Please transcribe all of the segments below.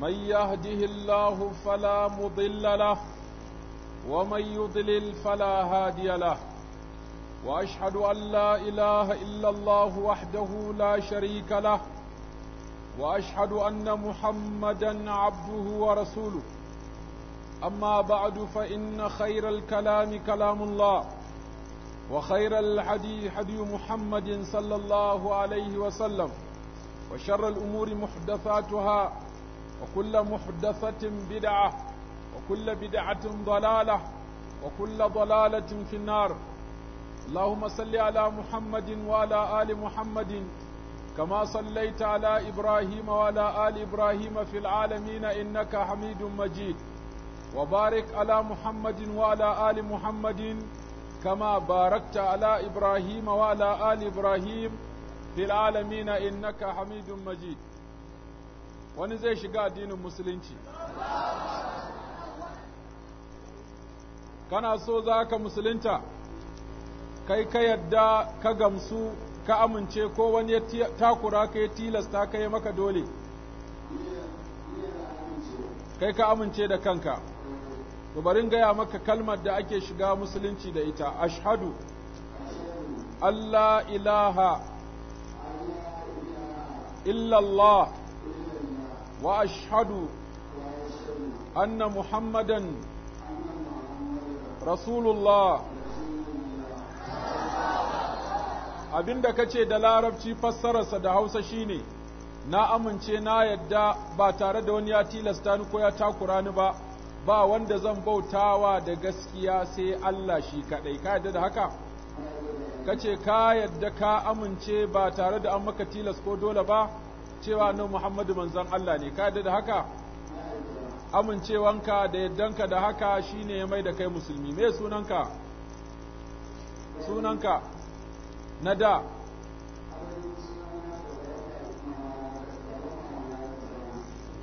من يهده الله فلا مضل له ومن يضلل فلا هادي له واشهد ان لا اله الا الله وحده لا شريك له واشهد ان محمدا عبده ورسوله اما بعد فان خير الكلام كلام الله وخير الحدي حدي محمد صلى الله عليه وسلم وشر الامور محدثاتها وكل محدثة بدعة وكل بدعة ضلالة وكل ضلالة في النار اللهم صل على محمد وعلى آل محمد كما صليت على إبراهيم وعلى آل إبراهيم في العالمين إنك حميد مجيد وبارك على محمد وعلى آل محمد كما باركت على إبراهيم وعلى آل إبراهيم في العالمين إنك حميد مجيد wani zai shiga addinin musulunci kana so za ka musulunta kai ka yadda ka gamsu ka amince ko wani ya takura ka ya tilasta ka ya maka dole kai ka amince da kanka to gaya maka kalmar da ake shiga musulunci da ita ashhadu Allah ilaha illallah وأشهد أن محمدا رسول الله abin da ka ce da larabci fassararsa da hausa shine na amince na yadda ba tare da wani ya tilasta ni ko ya takura ni ba ba wanda zan bautawa da gaskiya sai Allah shi kaɗai ka yadda da haka ka ce ka yadda ka amince ba tare da an maka tilas ko dole ba cewa nan Muhammadu manzon Allah ne ka yadda da haka amincewanka da yaddanka da haka shine ya mai da kai musulmi me sunanka sunanka na da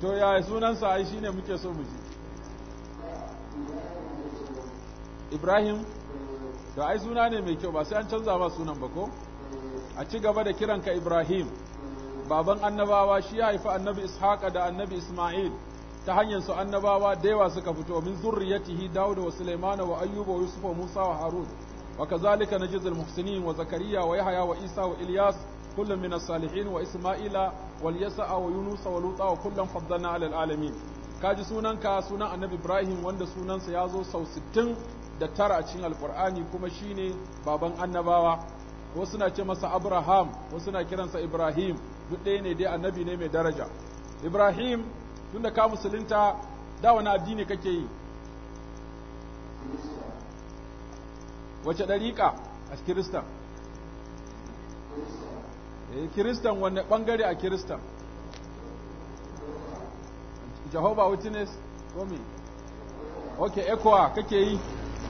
to yaya sunansa ai shine muke so muji. Ibrahim da ai suna ne mai kyau ba sai an canza ma sunan ba ko a ci gaba da kiranka Ibrahim baban annabawa shi ya haifi annabi ishaqa da annabi isma'il ta hanyar su annabawa da yawa suka fito min zurriyatihi dawud wa sulaiman wa ayyub wa yusuf wa musa wa harun wa kazalika najzil muhsinin wa zakariya wa yahya wa isa wa ilyas kullum min as-salihin wa isma'ila wal yasa wa yunus wa luta wa kullum faddalna ala alamin kaji sunanka sunan annabi ibrahim wanda sunansa ya zo sau sittin da tara a cikin alqur'ani kuma shine baban annabawa wasu na ce masa abraham wasu na kiransa ibrahim duk ɗaya ne dai annabi ne mai daraja ibrahim tunda ka musulunta da wani addini kake yi wace ɗariƙa a kiristan eh, kiristan wanne ɓangare a kiristan jehovah witness ko me ok ekowa kake yi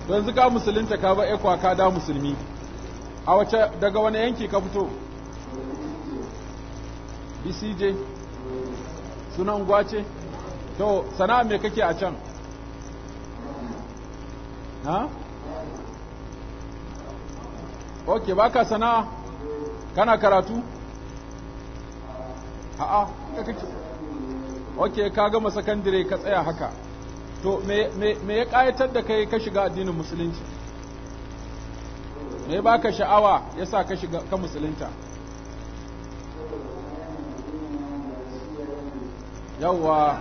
don zuka musulunta ka ba ekowa ka da musulmi a wace daga wani yanki ka fito isije sunan gwace to sana'a me kake a can ha ok baka sana'a kana karatu a'a kake ok ka gama sakandire ka tsaya haka to me, me, me ya kayatar da kai ka shiga addinin musulunci me baka sha'awa yasa ka shiga ka musulunta yawwa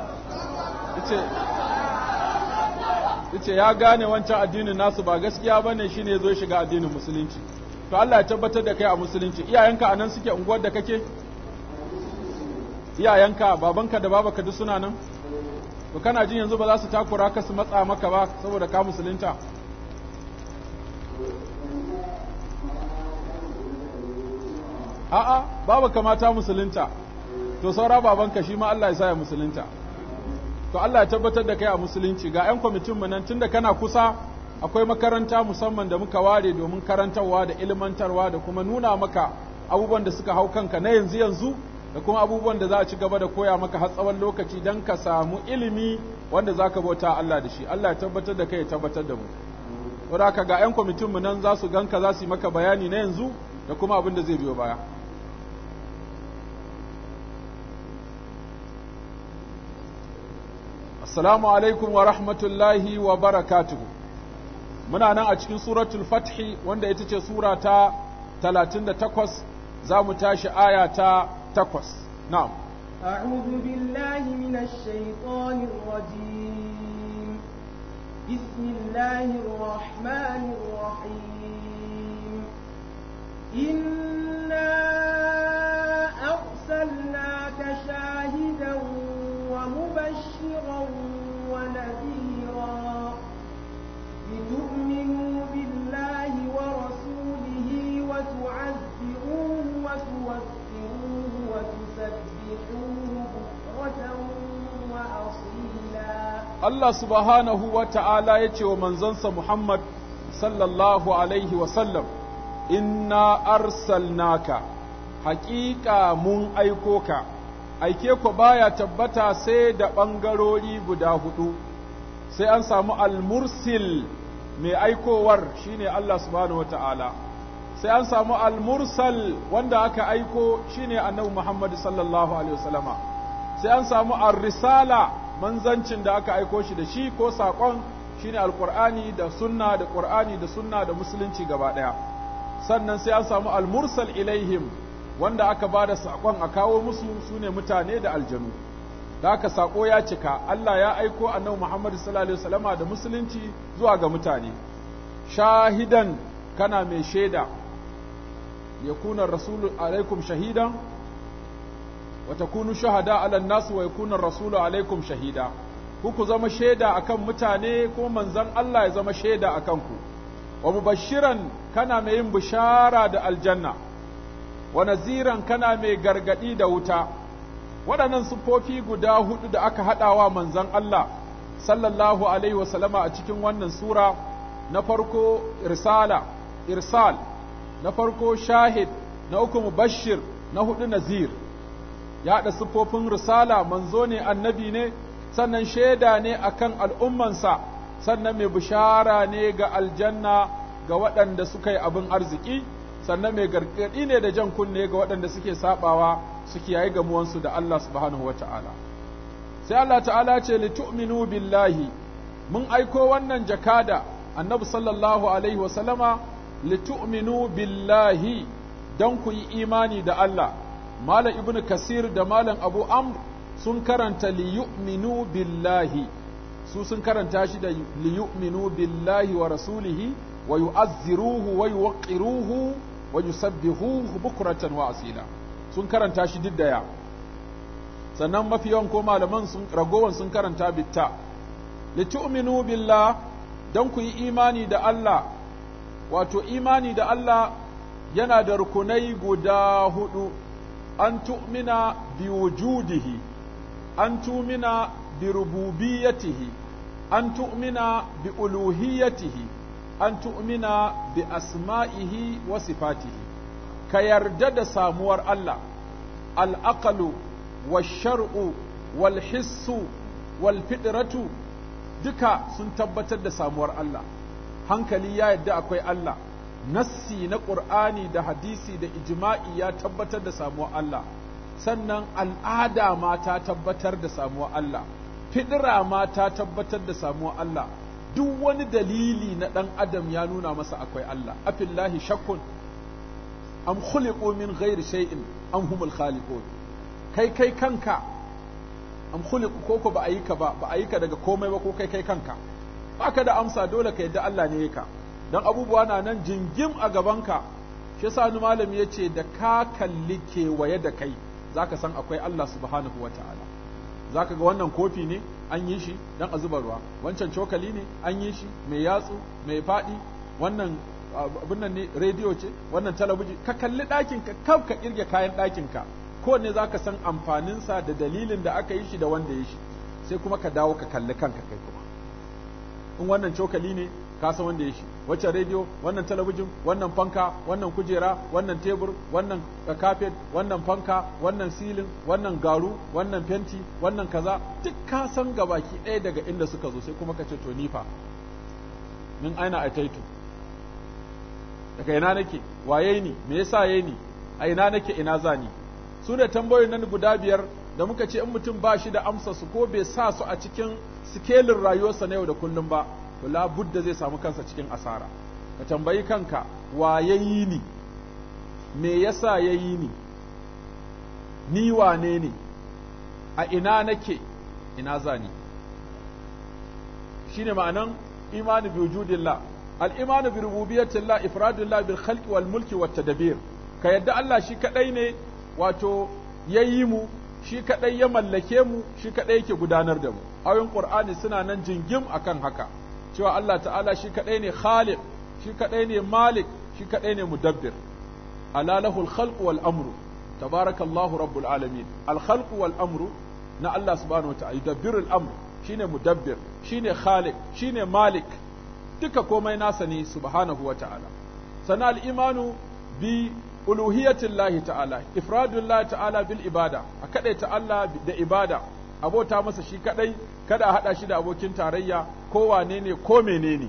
yace ya gane wancan addinin nasu ba gaskiya bane shine zo shiga addinin musulunci to Allah ya tabbatar da kai a musulunci iyayenka anan suke unguwar da kake iyayenka babanka da babanka duk suna nan to kana jin yanzu ba za su takura ka su matsa maka ba saboda ka musulunta a'a babanka mata musulunta to saura ka shi ma Allah ya sa ya musulunta to Allah ya tabbatar da kai a musulunci ga 'yan kwamitin mu nan tunda kana kusa akwai makaranta musamman da muka ware domin karantarwa da ilmantarwa da kuma nuna maka abubuwan da suka hau kanka na yanzu yanzu da kuma abubuwan da za a ci gaba da koya maka har tsawon lokaci don ka samu ilimi wanda za ka bauta Allah da shi Allah ya tabbatar da kai ya tabbatar da mu saboda haka ga 'yan kwamitin mu nan za su ganka za su yi maka bayani na yanzu da kuma abin da zai biyo baya Assalamu alaikum wa rahmatullahi wa barakatuhu. Muna nan a cikin suratul fathi wanda ita ce sura ta takwas, za mu tashi aya ta 8. Na'am. أعوذ بالله من الشيطان الرجيم بسم الله الرحمن الرحيم إنا أرسلناك ومبشرا ونذيرا لتؤمنوا بالله ورسوله وتعزروه وتوفروه وتسبحوه بكرة وأصيلا الله سبحانه وتعالى يتي ومنزنس محمد صلى الله عليه وسلم إنا أرسلناك حقيقة من أيكوك aike ku baya tabbata sai da ɓangarori guda hudu sai an samu almursil mai aikowar shine Allah subhanahu wata'ala sai an samu almursal wanda aka aiko shine annabi Muhammad sallallahu alaihi wasallama sai an samu ar-risala manzancin da aka aiko shi da shi ko saƙon shine alƙur'ani da sunna da qur'ani da sunna da musulunci gaba ɗaya sannan sai an samu almursal ilaihim wanda aka ba da saƙon a kawo musu su ne mutane da aljanu da aka saƙo ya cika Allah ya aiko annabi Muhammad sallallahu alaihi da musulunci zuwa ga mutane shahidan kana mai shaida kuna rasulu alaikum shahidan wa takunu shuhada ala nas wa yakuna rasulu alaikum shahida Kuku zama shaida akan mutane ko manzon Allah ya zama shaida akan ku wa mubashiran kana mai yin bishara da aljanna wa naziran kana mai gargadi da wuta waɗannan siffofi guda hudu da aka haɗawa manzon Allah sallallahu alaihi wasallama a cikin wannan sura na farko irsala irsal na farko shahid na uku mubashir na hudu nazir ya da siffofin risala manzo ne annabi ne sannan shaida ne akan al'ummansa sannan mai bishara ne ga aljanna ga waɗanda suka yi abin arziki sannan mai gargaɗi ne da jan kunne ga waɗanda suke saɓawa, suke yayi gamuwansu da Allah subhanahu Ta'ala. sai Allah ta'ala ce li tu'minu billahi mun aiko wannan jakada annabi sallallahu alaihi wa sallama li tu'minu billahi don ku yi imani da Allah malam ibnu kasir da malam abu amr sun karanta li yu'minu billahi su sun karanta shi da li yu'minu billahi wa rasulihi wa yu'azziruhu wa yuwaqqiruhu wa yusabbihuhu bukratan wa asila sun karanta shi duk da sannan mafi yawan ko malaman sun ragowan sun karanta bitta litu'minu billah dan ku yi imani da Allah wato imani da Allah yana da rukunai guda hudu an tu'mina bi wujudihi an tu'mina bi rububiyatihi an tu'mina bi uluhiyatihi an tu'mina bi asma'ihi wa sifatihi ka yarda da samuwar Allah al'aqalu wa shar'u wal hissu wal fitratu duka sun tabbatar da samuwar Allah hankali ya yarda akwai Allah nassi na ƙur'ani da hadisi da ijma'i ya tabbatar da samuwar Allah sannan al'ada ma ta tabbatar da samuwar Allah fidira ma ta tabbatar da samuwar Allah duk wani dalili na ɗan adam ya nuna masa akwai Allah afillahi shakkun am khuliqu min ghairi shay'in am humul khaliqun kai kai kanka am khuliqu ko ba a yi ka ba ba a yi ka daga komai ba ko kai kai kanka baka da amsa dole ka yadda Allah ne ka dan abubuwa na nan jingim a gabanka shi yasa ni malami ce da ka kalli kewaye da kai zaka san akwai Allah subhanahu wataala za ka ga wannan kofi ne an yi shi don a zuba ruwa wancan cokali ne an yi shi mai yatsu mai faɗi wannan abin ne rediyo ce wannan talabijin ka kalli ɗakin ka kaf ka kirge kayan ɗakin ka ko ne za ka san amfaninsa da dalilin da aka yi shi da wanda ya shi sai kuma ka dawo ka kalli kanka kai kuma in wannan cokali ne ka san wanda ya shi wacce rediyo wannan talabijin wannan fanka wannan kujera wannan tebur wannan carpet wannan fanka wannan silin wannan garu wannan fenti wannan kaza duk ka san gabaki ɗaya daga inda suka zo sai kuma ka ce to ni fa min aina taito daga ina nake waye ni me yasa yayi ni a ina nake ina zani su da tambayoyin nan guda biyar da muka ce in mutum ba shi da amsa su ko bai sa su a cikin sikelin rayuwarsa na yau da kullum ba to Budda zai samu kansa cikin asara ka tambayi kanka wa ya yi ni me yasa ya yi ni ni wane ne a ina nake ina zani shine ma'anan imani bi wujudillah al-imanu bi rububiyyatillah ifradillah bil khalqi wal mulki wat tadbir ka yadda Allah shi kadai ne wato yayi mu shi kadai ya mallake mu shi kadai yake gudanar da mu ayoyin qur'ani suna nan jingim akan haka cewa Allah ta'ala shi kaɗai ne khaliq shi kaɗai ne malik shi kaɗai ne mudabbir ala lahul wal amru tabarakallahu rabbul alamin al wal amru na Allah subhanahu wa ta'ala yudabbiru al amr shine mudabbir shine shi shine malik duka komai nasa ne subhanahu wa ta'ala sana al imanu bi uluhiyatillahi ta'ala ifradullahi ta'ala bil ibada a ta Allah da ibada abota masa shi kadai kada a hada shi da abokin tarayya ko wane ne ko menene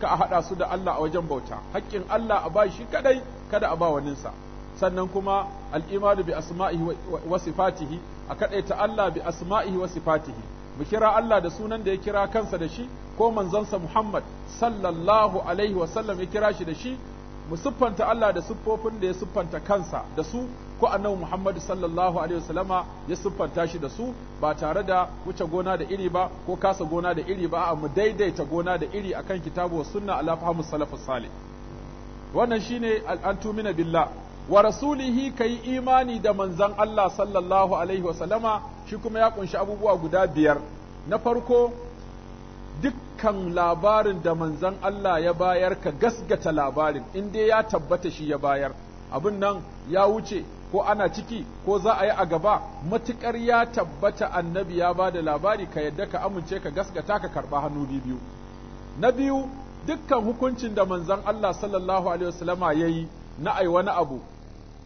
ka a hada su da Allah a wajen bauta haƙƙin Allah a ba shi kadai kada a ba waninsa sannan kuma al'imanu bi asma'ihi wa sifatihi a kadaita Allah bi asma'ihi wa sifatihi mu kira Allah da sunan da ya kira kansa da shi ko manzansa Muhammad sallallahu alaihi wa sallam ya kira shi da shi mu siffanta Allah da siffofin da ya siffanta kansa da su ko annabi Muhammad sallallahu alaihi wasallama ya siffanta shi da su ba tare da wuce gona da iri ba ko kasa gona da iri ba a mu daidaita gona da iri akan kitabu wa sunna ala fahmu salafus salih wannan shine al'antumina billah wa rasulihi kai imani da manzon Allah sallallahu alaihi wasallama shi kuma ya kunshi abubuwa guda biyar na farko dukkan labarin da manzon Allah ya bayar ka gasgata labarin in dai ya tabbata shi ya bayar abin nan ya wuce ko ana ciki ko za a yi a gaba matukar ya tabbata annabi ya ba da labari ka yadda ka amince ka gaskata ka karba hannu biyu na biyu dukkan hukuncin da manzon Allah sallallahu alaihi wasallama yayi na ai wani abu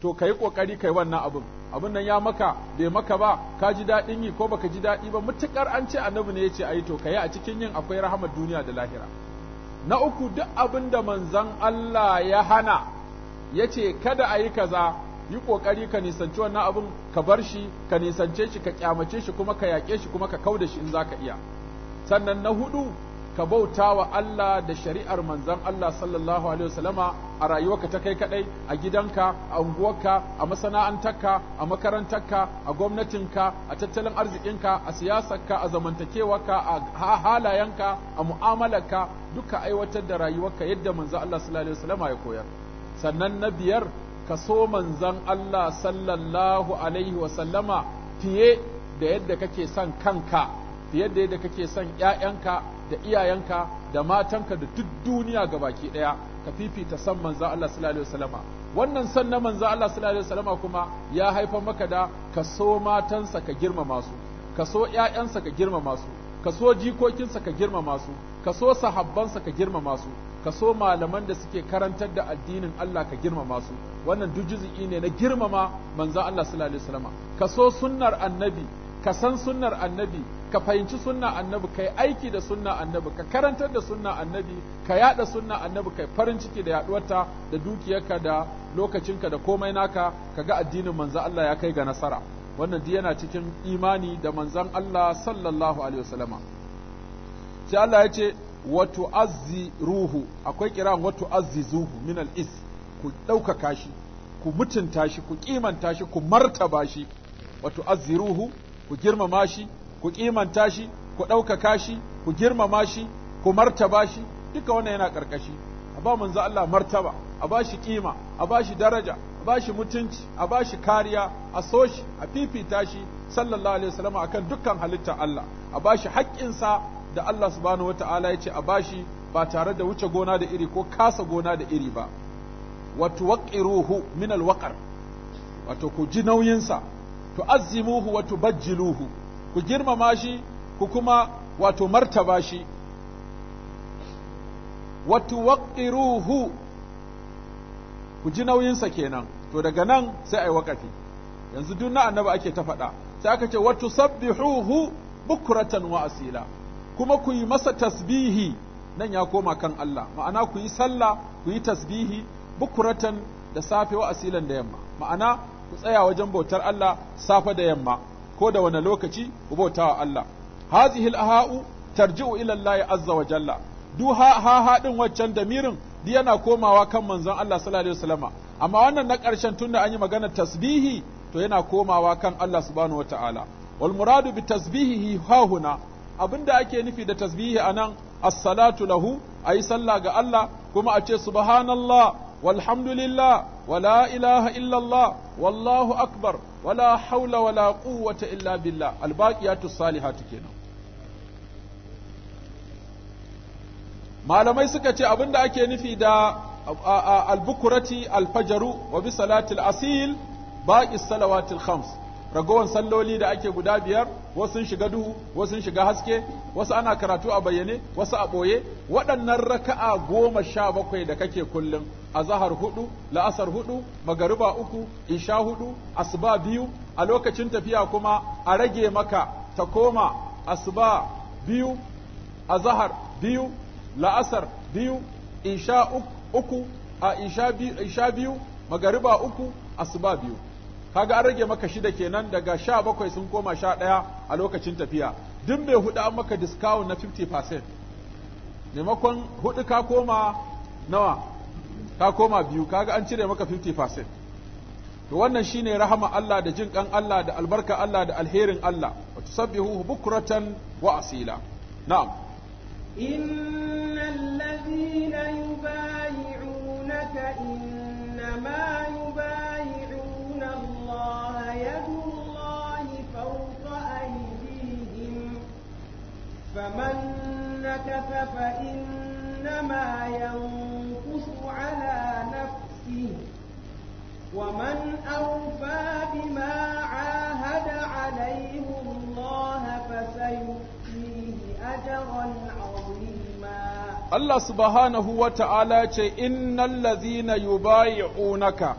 to kai kokari kai wannan abun abun nan ya maka bai maka ba ka ji daɗin yi ko baka ji daɗi ba matukar an ce annabi ne yace ai to kai a cikin yin akwai rahamar duniya da lahira na uku duk abin da manzon Allah ya hana yace kada a yi kaza yi kokari ka nisanci wannan abin ka bar shi ka nisance shi ka kyamace shi kuma ka yaƙe shi kuma ka da shi in za ka iya sannan na hudu ka bauta wa Allah da shari'ar manzan Allah sallallahu alaihi wasallama a rayuwarka ta kai kaɗai, a gidanka a unguwarka a masana'antarka a makarantarka a gwamnatinka a tattalin arzikinka a siyasarka a zamantakewarka a halayenka a mu'amalarka duka aiwatar da rayuwarka yadda manzan Allah sallallahu alaihi wasallama ya koyar sannan na biyar ka so manzan Allah sallallahu alaihi wasallama fiye da yadda kake son kanka fiye da yadda kake son ‘ya'yanka da iyayenka da matanka da duk duniya ga baki ɗaya ka fifita son manzan Allah sallallahu alaihi wasallama wannan son na manzan Allah sallallahu alaihi wasallama kuma ya haifar maka da ka so matansa ka girmama su kaso ‘ya'yansa ka girmama su ka so jikokinsa ka girmama su ka so sahabbansa ka girmama su ka so malaman da suke karantar da addinin Allah ka girmama su wannan duk juz'i ne na girmama manzon Allah sallallahu alaihi wasallam ka so sunnar annabi ka san sunnar annabi ka fahimci sunna annabi kai aiki da sunna annabi ka karantar da sunna annabi ka yada sunna annabi kai farin ciki da yaduwarta da dukiyarka da lokacinka da komai naka kaga addinin manzo Allah ya kai ga nasara wannan duk yana cikin imani da manzon Allah sallallahu alaihi wasallama sai Allah ya ce wa tu'azzi ruhu akwai kiran wa tu'azzizuhu min al-is ku ɗaukaka shi ku mutunta shi ku kimanta shi ku martaba shi wa ruhu ku girmama shi ku kimanta shi ku ɗaukaka shi ku girmama shi ku martaba shi duka wannan yana ƙarƙashi a ba manzo Allah martaba a ba shi kima a ba shi daraja ba shi mutunci a ba shi kariya a so shi a fifita shi sallallahu alaihi wasallam akan dukkan halitta Allah a ba shi haƙƙinsa da Allah subhanahu wataala ya ce a ba shi ba tare da wuce gona da iri ko kasa gona da iri ba wa tuwaqqiruhu min alwaqar wato ku ji nauyin sa nauyinsa tu'azzimuhu wa tubajjiluhu ku girmama shi ku kuma wato martaba shi wa tuwaqqiruhu ku ji nauyin sa kenan to daga nan sai ai wakafi yanzu duk na annabi ake ta faɗa sai aka ce watu sabbihuhu bukratan wa asila kuma ku yi masa tasbihi nan ya koma kan Allah ma'ana ku yi sallah ku yi tasbihi bukratan da safe wa asilan da yamma ma'ana ku tsaya wajen bautar Allah safe da yamma ko da wani lokaci ku bauta wa Allah hazihi alha'u tarji'u ila Allah azza wa jalla duha ha ha din waccan damirin di yana komawa kan manzon Allah sallallahu alaihi wasallama amma wannan na ƙarshen da an yi maganar tasbihi to yana komawa kan Allah subhanahu wataala wal muradu bi tasbihihi hahuna abinda ake nufi da tasbihi anan as-salatu lahu ayi sallah ga Allah kuma a ce subhanallah walhamdulillah wala ilaha illallah wallahu akbar wala haula wala quwwata illa billah albaqiyatu salihatu kenan malamai suka ce abinda ake nufi da albukurati alfajaru wa bi salatil asil baqi salawatil khams ragowan salloli da ake guda biyar wasu sun shiga duhu wasu sun shiga haske wasu ana karatu a bayyane wasu a ɓoye waɗannan raka'a goma sha bakwai da kake kullum a zahar hudu la'asar hudu magariba uku isha hudu asuba biyu a lokacin tafiya kuma a rage maka ta koma asuba biyu azahar biyu la'asar biyu isha uku uku a isha biyu magariba uku a asuba biyu kaga an rage maka shida kenan daga sha bakwai sun koma sha ɗaya a lokacin tafiya duk mai hudu an maka discount na 50% maimakon hudu ka koma nawa ka koma biyu kaga an cire maka 50% to wannan shine rahama Allah da jin kan Allah da albarka Allah da alherin Allah wa tusabbihu bukratan wa asila na'am ذلك إنما يبايعون الله يد الله فوق أيديهم فمن نكث فإنما ينكث على نفسه ومن أوفى بما عاهد عليه الله فسيؤتيه أجرا عظيما Allah subhanahu wa ta'ala ce, Innan lazina unaka.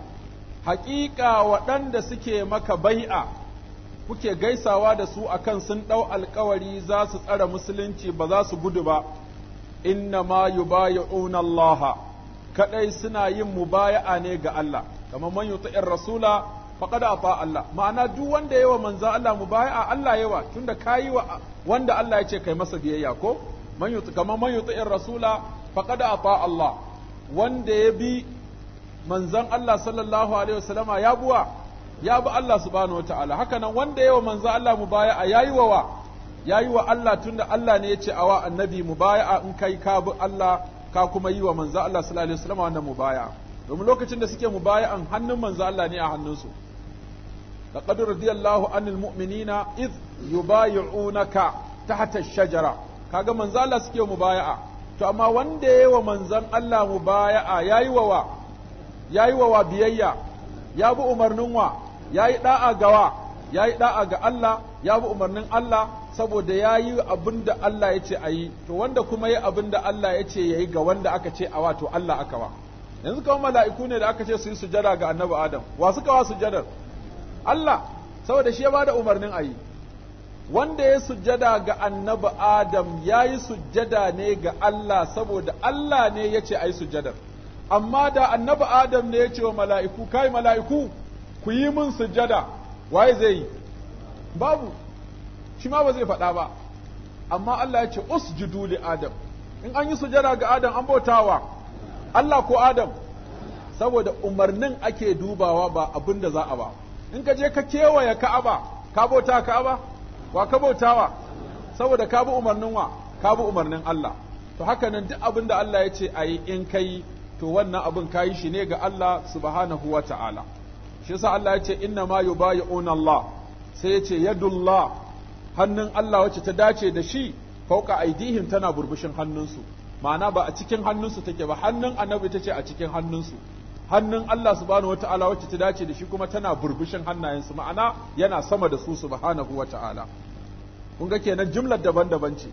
haƙiƙa waɗanda suke maka bai'a, kuke gaisawa da su akan sun ɗau alkawari za su tsara musulunci ba za su gudu ba, inna ma yubayi'unallaha, kaɗai suna yin mubaya'a ne ga Allah, kamar man yuti'ir rasula faqad ata Allah, ma'ana duk wanda yawa manzo Allah mubaya'a Allah yawa tunda kayi wa wanda Allah ya ce kai masa biyayya ko? man kamar man yuti in rasula faqad ata Allah wanda ya bi manzon Allah sallallahu alaihi wasallama ya buwa ya bi Allah subhanahu wataala haka nan wanda yawa manzon Allah mubaya'a yayi wawa yayi wa Allah tunda Allah ne ya ce awa annabi mubaya'a in kai ka bi Allah ka kuma yi wa manzon Allah sallallahu alaihi wasallama wannan mubaya'a domin lokacin da suke mubaya'an hannun manzon Allah ne a hannunsu لقد رضي الله عن المؤمنين إذ يبايعونك تحت الشجرة kaga manzo Allah suke mubaya'a to amma wanda yayi wa manzon Allah mubaya'a yayi wa yayi wa biyayya ya bi umarnin wa yayi da'a wa yayi da'a ga Allah ya bi umarnin Allah saboda yayi abin da Allah ya ce ayi to wanda kuma yayi abin da Allah ya ce yayi ga wanda aka ce a to Allah aka wa yanzu kawai mala'iku ne da aka ce su yi sujada ga annabi Adam wa suka wa sujadar Allah saboda shi ya bada umarnin ayi wanda ya sujjada ga annabi Adam ya yi sujjada ne ga Allah saboda Allah ne ya ce a yi sujjadar. Amma da annabi Adam ne ya ce wa mala'iku, kai mala'iku, ku yi min sujjada, waye zai yi? Babu, shi ma ba zai faɗa ba. Amma Allah ya ce, usjudu li Adam, in an yi sujjada ga Adam an bautawa, Allah ko Adam, saboda umarnin ake dubawa ba abin da za a ba. In ka je ka kewaye Ka'aba, ka bauta Ka'aba? wa ka bautawa saboda ka bi umarnin wa ka bi umarnin Allah to haka nan duk abin da Allah ya ce a yi in kai to wannan abin ka yi shi ne ga Allah subhanahu wa ta'ala shi yasa Allah ya ce inna ma yubayi'una Allah sai ya ce yadullah hannun Allah wacce ta dace da shi fauka aidihim tana burbushin hannunsu ma'ana ba a cikin hannunsu take ba hannun annabi ta ce a cikin hannunsu hannun Allah subhanahu wata'ala wacce ta dace da shi kuma tana burbushin hannayensu ma'ana yana sama da su subhanahu wata'ala kun ga kenan jumlar daban-daban ce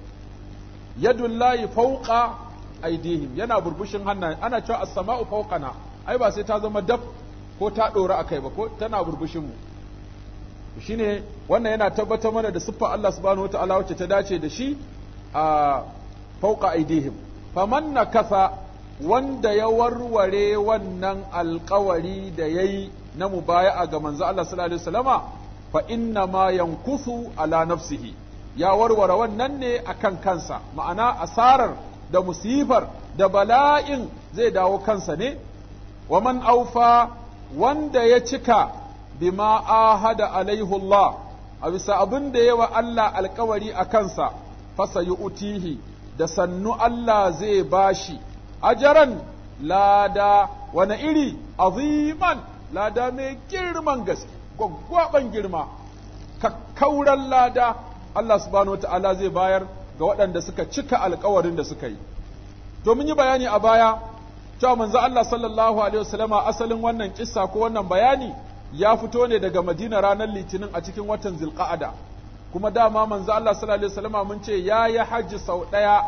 yadullahi fawqa aydihim yana burbushin hannayen ana cewa as-sama'u fawqana ai ba sai ta zama dab ko ta dora akai ba ko tana burbushin mu shine wannan yana tabbatar mana da siffar Allah subhanahu wata'ala wacce ta dace da shi a fawqa aydihim faman kasa. wanda ya warware wannan alkawari da ya yi na mubaya'a ga manzo Allah sallallahu alaihi wasallama fa inna ma yankusu ala nafsihi ya warware wannan ne akan kansa ma'ana asarar da musifar da bala'in zai dawo kansa ne wa man aufa wanda ya cika bima ahada alaihi Allah a bisa abin da yawa Allah alkawari a kansa fasa yi utihi da sannu Allah zai bashi ajaran lada wani iri aziman lada mai girman gaske gwaggwaban girma kakkauran lada Allah subhanahu ta’ala zai bayar ga waɗanda suka cika alkawarin da suka yi to mun yi bayani a baya cewa manzo Allah sallallahu alaihi wasallama asalin wannan kissa ko wannan bayani ya fito ne daga Madina ranar Litinin a cikin watan Zulqa'ada kuma dama manzo Allah sallallahu alaihi wasallama mun ce ya yi hajji sau daya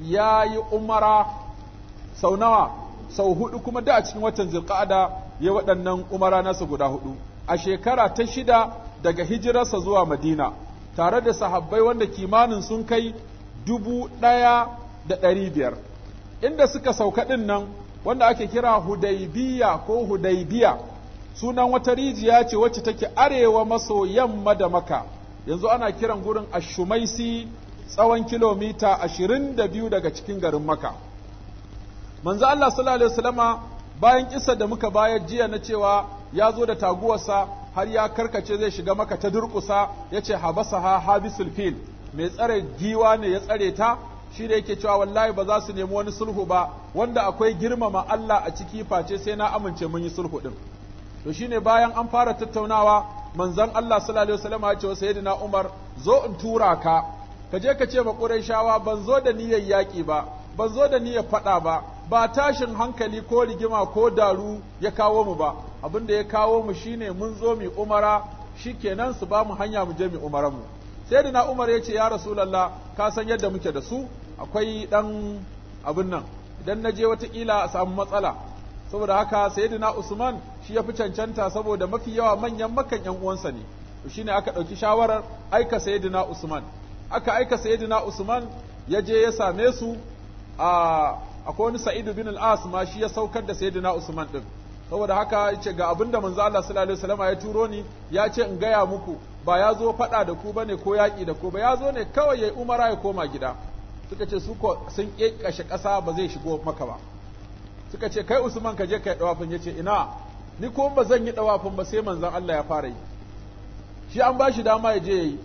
yi umara sau nawa sau hudu kuma da a cikin watan zulqa'ada ya waɗannan umara nasa guda hudu a shekara ta shida daga hijirarsa zuwa madina tare da sahabbai wanda kimanin sun kai dubu ɗaya da ɗari biyar inda suka sauka ɗin nan wanda ake kira Hudaybiya ko Hudaybiya. sunan wata rijiya ce wacce take arewa maso yamma da maka yanzu ana kiran gurin ashumaisi tsawon kilomita ashirin da biyu daga cikin garin maka manzo Allah sallallahu alaihi wasallama bayan kisa da muka bayar jiya na cewa ya zo da taguwarsa har ya karkace zai shiga maka ta durkusa yace habasaha habisul fil mai tsare giwa ne ya tsare ta shi da yake cewa wallahi ba za su nemi wani sulhu ba wanda akwai girmama Allah a ciki face sai na amince mun yi sulhu din to shine bayan an fara tattaunawa manzon Allah sallallahu alaihi wasallama ya ce wa sayyidina Umar zo in tura ka ka je ka ce ma Qurayshawa ban zo da niyyar yaki ba ban zo da niyyar fada ba ba tashin hankali ko rigima ko daru ya kawo mu ba abin da ya kawo mu shine mun zo mu umara shikenan su ba mu hanya mu je mu umaran mu sai na umar ya ce ya rasulullah ka san yadda muke da su akwai dan abin nan idan na je watakila a samu matsala saboda haka sayyidina usman shi ya fi cancanta saboda mafi yawa manyan makan yan uwansa ne shine aka ɗauki shawarar aika sayyidina usman aka aika sayyidina usman ya je ya same su a akwai wani sa'idu bin al-as ma shi ya saukar da sayyidina usman ɗin. saboda haka yace ga abinda manzo Allah sallallahu alaihi wasallam ya turo ni ya ce in gaya muku ba ya zo faɗa da ku bane ko yaƙi da ku ba ya zo ne kawai yayi umara ya koma gida suka ce su ko sun ƙeƙashe ƙasa ba zai shigo maka ba suka ce kai Usman ka je kai dawafin yace ina ni ko ba zan yi dawafin ba sai manzon Allah ya fara yi shi an ba shi dama ya je yayi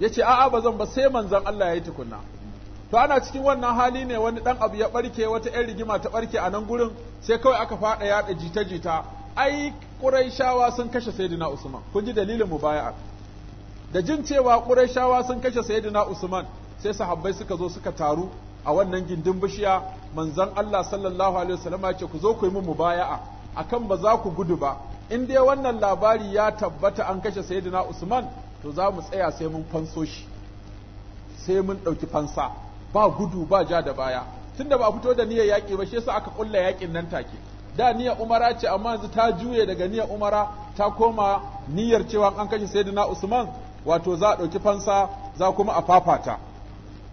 yace a'a ba zan ba sai manzon Allah ya yi tukunna to ana cikin wannan hali ne wani dan abu ya barke wata yan rigima ta barke a nan gurin sai kawai aka faɗa yada jita jita ai quraishawa sun kashe sayyidina usman kun ji dalilin mubaya'a da jin cewa quraishawa sun kashe sayyidina usman sai sahabbai suka zo suka taru a wannan gindin bishiya manzon Allah sallallahu alaihi wasallam ya ce ku zo ku yi mu mubaya'a akan ba za ku gudu ba in dai wannan labari ya tabbata an kashe sayyidina usman to za mu tsaya sai mun fanso sai mun ɗauki fansa ba gudu ba ja da baya tunda ba fito da niyyar yaki ba shi yasa aka kulla yakin nan take da niyyar umara ce amma yanzu ta juye daga niyyar umara ta koma niyyar cewa an kashe sayyidina usman wato za a ɗauki fansa za kuma a fafata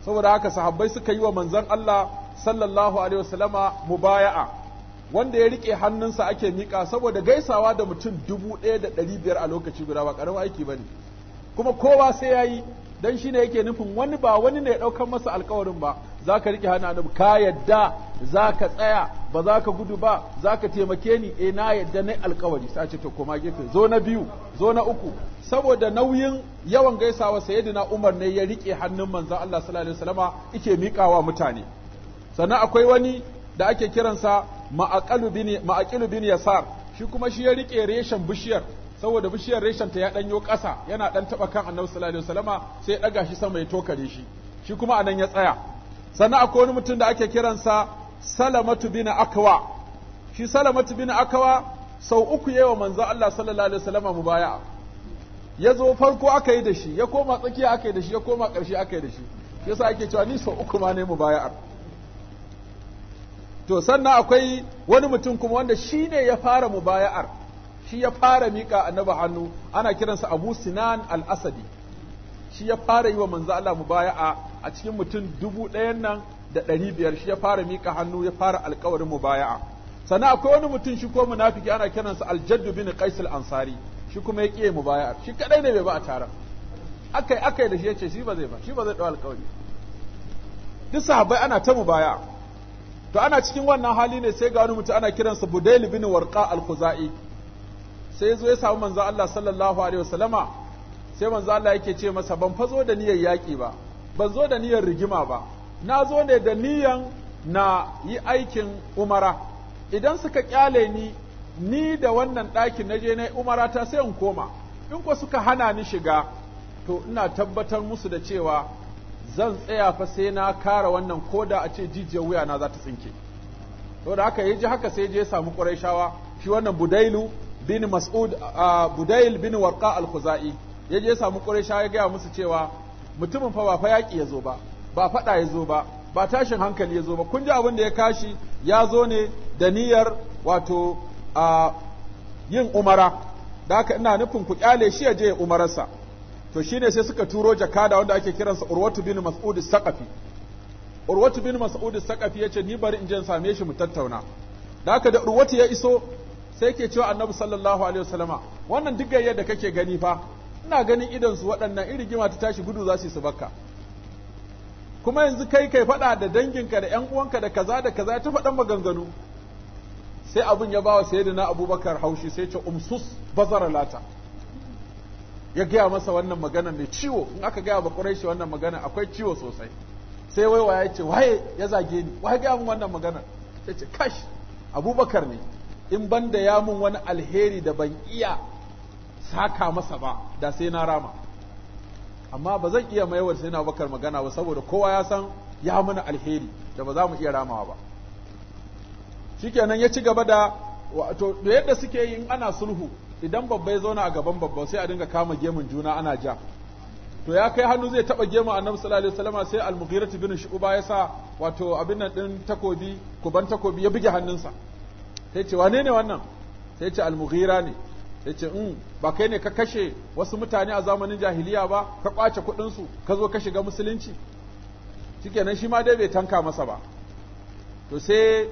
saboda haka sahabbai suka yi wa manzon Allah sallallahu alaihi wasallama mubaya'a wanda ya rike hannunsa ake mika saboda gaisawa da mutum dubu ɗaya da ɗari biyar a lokaci guda ba ƙaramin aiki bane kuma kowa sai yayi dan shine yake nufin wani ba wani ne ya daukar masa alkawarin ba zaka rike hannun annabi ka yadda zaka tsaya ba zaka gudu ba zaka taimake ni eh na yadda ne alkawari sai ce to koma gefe zo na biyu zo na uku saboda nauyin yawan gaisawa sayyidina Umar ne ya rike hannun manzon Allah sallallahu alaihi wasallama yake miƙawa mutane sannan akwai wani da ake kiransa ma'aqalu bin ma'aqilu bin yasar shi kuma shi ya rike reshen bishiyar saboda bishiyar ta ya danyo ƙasa yana dan taba kan annabi sallallahu alaihi wasallama sai ya daga shi sama ya tokare shi shi kuma anan ya tsaya sannan akwai wani mutum da ake kiransa salamatu bin akwa shi salamatu bin akwa sau uku yawa manzo Allah sallallahu alaihi wasallama mubaya'a ya zo farko aka yi da shi ya koma tsakiya aka yi da shi ya koma ƙarshe aka yi da shi yasa ake cewa ni sau uku ma ne mubaya'a to sannan akwai wani mutum kuma wanda shi ne ya fara mubaya'ar shi ya fara miƙa annaba hannu ana kiransa abu sinan al-asadi shi ya fara yi wa manzo Allah mubaya'a a cikin mutum dubu ɗayan nan da ɗari biyar shi ya fara miƙa hannu ya fara alƙawarin mubaya'a sannan akwai wani mutum shi ko munafiki ana kiransa aljaddu bin qais al-ansari shi kuma ya kiye mubaya'a shi kadai ne bai ba a taron akai akai da shi yace shi ba zai ba shi ba zai dau alƙawari duk sahabbai ana ta mubaya'a to ana cikin wannan hali ne sai ga wani mutum ana kiransa budail bin warqa al-khuzai sai zo ya samu manzo Allah sallallahu alaihi wasallama sai manzo Allah yake ce masa ban fazo da niyyar yaƙi ba ban zo da niyyar rigima ba na zo ne da niyyan na yi aikin umara idan suka kyale ni ni da wannan ɗakin na je na umara ta sai in koma in ko suka hana ni shiga to ina tabbatar musu da cewa zan tsaya fa sai na kara wannan koda a ce jijiyar wuya na za ta tsinke to da haka ya ji haka sai je ya samu Qurayshawa shi wannan Budailu bin Mas'ud Budail bin Warqa al-Khuzai ya je samu Quraysha ya gaya musu cewa mutumin fa ba fa yaki yazo ba ba fada yazo ba ba tashin hankali yazo ba kun ji abin da ya kashi ya zo ne da niyyar wato yin umara da haka ina nufin ku kyale shi ya je umararsa to shine sai suka turo jakada wanda ake kiransa Urwatu bin Mas'ud Saqafi Urwatu bin Mas'ud Saqafi yace ni bari in je in same shi mu tattauna da haka da Urwatu ya iso sai ke cewa annabi sallallahu alaihi wasallama wannan duk gayyar da kake gani fa ina ganin idan su waɗannan in gima ta tashi gudu za su su bakka kuma yanzu kai kai faɗa da danginka da ƴan uwanka da kaza da kaza ta faɗan maganganu sai abin ya bawa sayyidina abubakar haushi sai ce umsus bazara lata ya gaya masa wannan magana mai ciwo in aka gaya ba shi wannan magana akwai ciwo sosai sai waiwa ya ce waye ya zage ni waye gaya min wannan magana sai ce kash abubakar ne in ban da ya mun wani alheri da ban iya saka masa ba da sai na rama amma ba zan iya maiwar sai na bakar magana ba saboda kowa ya san ya mana alheri da ba za mu iya ramawa ba shikenan ya ci gaba da wato da yadda suke yin ana sulhu idan babba ya zauna a gaban babba sai a dinga kama gemun juna ana ja to ya kai hannu zai taba gemu annabi sallallahu alaihi wasallam sai al-mughirah bin shu'ba ya sa wato abin nan din takobi kuban takobi ya buge hannunsa sai ce wane ne wannan sai ce almughira ne sai ce in hmm, ba kai ne ka kashe wasu mutane a zamanin jahiliya ba ka kwace kuɗin su ka zo ka shiga musulunci shikenan shi ma dai bai tanka masa ba to sai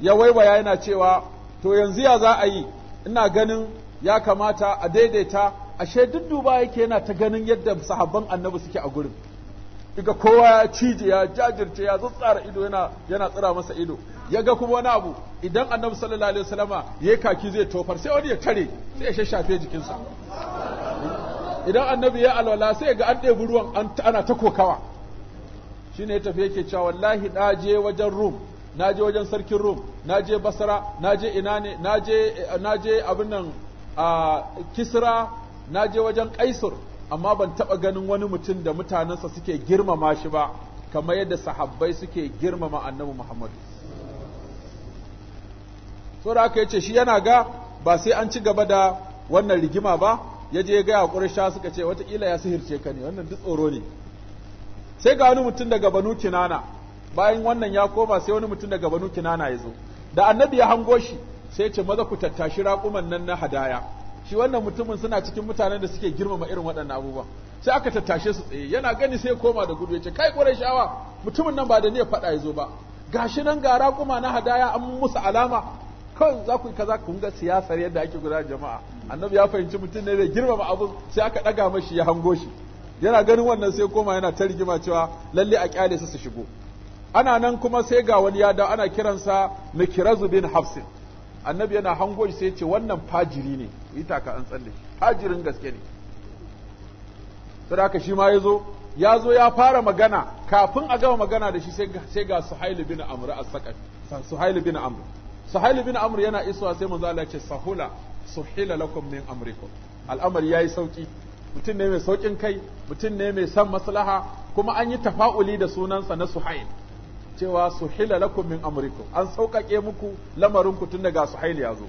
ya waiwaya yana cewa to yanzu ya za a yi ina ganin ya kamata a daidaita ashe duk duba yake yana ta ganin yadda sahabban annabi suke a gurin iga kowa ya cije ya jajirce ya zutsara ido yana yana tsira masa ido ya ga kuma wani abu idan annabi sallallahu alaihi wasallama yayi kaki zai tofar sai wani ya tare sai ya shashafe jikinsa idan annabi ya alwala sai ga an ɗebi ruwan an ana ta kokawa shine ya tafi yake cewa wallahi na je wajen rum na je wajen sarkin rum na je basra na je ina ne na je abin nan a kisra na je wajen kaisur amma ban taɓa ganin wani mutum da mutanensa suke girmama shi ba kamar yadda sahabbai suke girmama annabi Muhammadu. so da aka yace shi yana ga ba sai an ci gaba da wannan rigima ba ya je ga Quraysha suka ce watakila ya sihirce ka ne wannan duk tsoro ne sai ga wani mutum daga Banu Kinana bayan wannan ya koma sai wani mutum daga Banu Kinana ya zo da annabi ya hango shi sai ya ce maza ku tattashi raƙuman nan na hadaya shi wannan mutumin suna cikin mutanen da suke girmama irin waɗannan abubuwan sai aka tattashe su tsaye yana gani sai koma da gudu ya ce kai kore shawa mutumin nan ba da niyyar faɗa ya zo ba gashi nan ga raƙuma na hadaya an musu alama kawai za ku kaza ku ga siyasar yadda ake gudanar jama'a annabi ya fahimci mutum ne zai girmama abu sai aka daga mashi ya hango shi yana ganin wannan sai koma yana ta rigima cewa lalle a kyale su su shigo ana nan kuma sai ga wani ya dawo ana kiransa Mikirazu bin Hafsin annabi yana hango sai ce wannan fajiri ne yi taka an tsalle fajirin gaske ne sai haka shi ma ya zo ya zo ya fara magana kafin a gama magana da shi sai ga suhaili bin amr suhaili bin amr suhaili bin amr yana isuwa sai manzo ce sahula suhila lakum min amrikum al'amari yayi sauki mutum ne mai saukin kai mutum ne mai son maslaha kuma an yi tafa'uli da sunansa na suhaili cewa hila lakum min amrikum an sauƙaƙe muku lamarin ku tun daga suhaili ya zo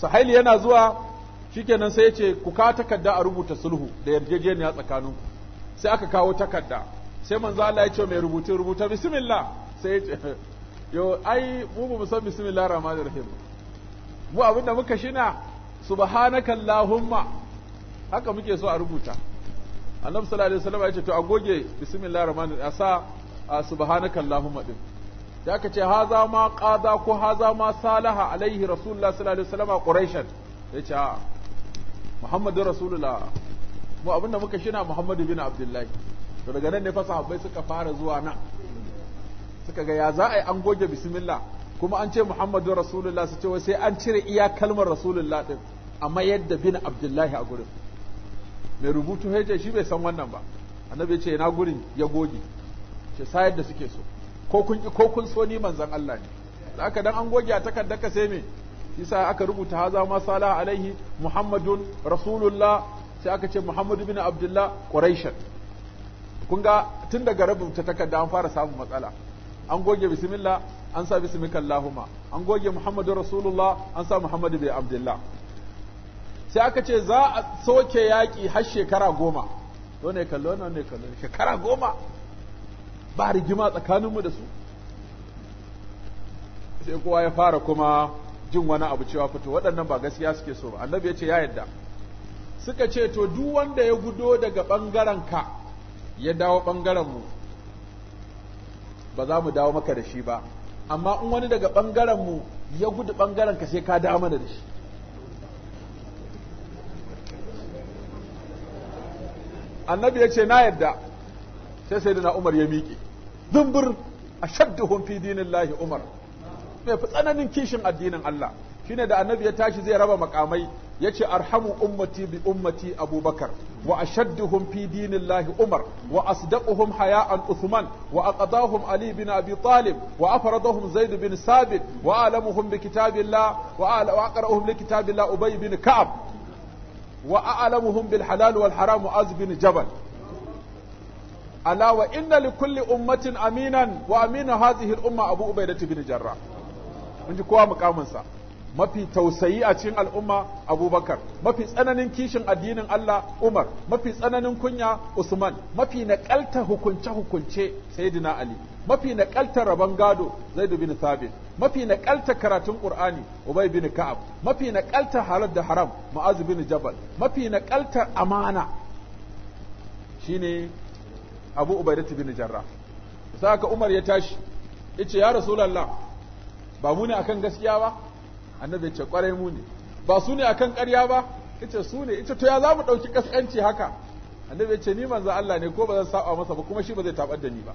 suhaili yana zuwa shikenan sai ya ce ku ka takarda a rubuta sulhu da yarjejeniya tsakanin ku sai aka kawo takarda sai manzo Allah ya ce mai rubutu rubuta bismillah sai ya ce yo ai mu ba mu san bismillahir rahmanir rahim mu abinda muka shina allahumma haka muke so a rubuta annabi sallallahu alaihi wasallam ya ce to a goge bismillahir rahmanir rahim subhanaka allahumma din da aka ce haza ma qaza ko haza ma salaha alaihi rasulullah sallallahu alaihi wasallam quraishan yace a Muhammadu rasulullah mu abinda muka shina muhammadu bin abdullahi to daga nan ne fa sahabbai suka fara zuwa nan suka ga ya za a yi an goge bismillah kuma an ce Muhammadu rasulullah su ce wai sai an cire iya kalmar rasulullah din amma yadda bin abdullahi a gurin mai rubutu hejje shi bai san wannan ba annabi ya ce na gurin ya goge ce sayar da suke so ko kun ko kun so ni manzon Allah ne da aka dan an goge a takarda ka sai me yasa aka rubuta haza ma sala alaihi muhammadun rasulullah sai aka ce muhammadu bin abdullah quraish kun ga tun daga rubuta takarda an fara samun matsala an goge bismillah an sa bismikallahumma an goge muhammadun rasulullah an sa muhammadu bin abdullah sai aka ce za a soke yaƙi har shekara goma wane kallo wane kallo shekara goma ba rigima tsakaninmu da su sai kowa ya fara kuma jin wani abu cewa fito waɗannan ba gaskiya suke so ba annabi ya ce ya yadda suka ce to duk wanda ya gudo daga ɓangaren ka ya dawo ɓangaren mu ba za mu dawo maka da shi ba amma in wani daga ɓangaren mu ya gudu ɓangaren ka sai ka dawo mana da shi annabi ya ce na yadda sai sayyidina Umar ya miƙe zumbur ashadduhum fi dinillahi Umar mai fi tsananin kishin addinin Allah shine da annabi ya tashi zai raba makamai ya ce arhamu ummati bi ummati abubakar wa ashadduhum fi dinillahi umar wa asdaquhum haya'an usman wa aqdahum ali bin abi talib wa afradahum zaidu bin sabit wa alamuhum bi kitabillah wa aqrahum li kitabillah ubay bin ka'ab wa a'lamuhum bil halal wal haram az bin jabal ala wa inna li kulli ummatin aminan wa aminu hadhihi al-umma abu ubaidah bin jarrah mun ji kowa mukamin sa mafi tausayi a cikin al'umma abubakar mafi tsananin kishin addinin Allah Umar mafi tsananin kunya Usman mafi naƙalta hukunce-hukunce Sayyidina Ali mafi naƙalta rabon gado Zaid bin Thabit mafi naƙalta karatun Qur'ani Ubay bin Ka'ab mafi naƙalta halal da haram Mu'az bin Jabal mafi naƙalta amana shine abu ubaidatu bin jarrah saka aka umar ya tashi yace ya rasulullah ba mu ne akan gaskiya ba annabi ya ce kwarai mu ne ba su ne akan ƙarya ba yace su ne yace to ya za mu dauki kaskanci haka annabi ya ce ni manzo Allah ne ko ba zan saba masa ba kuma shi ba zai tabar da ni ba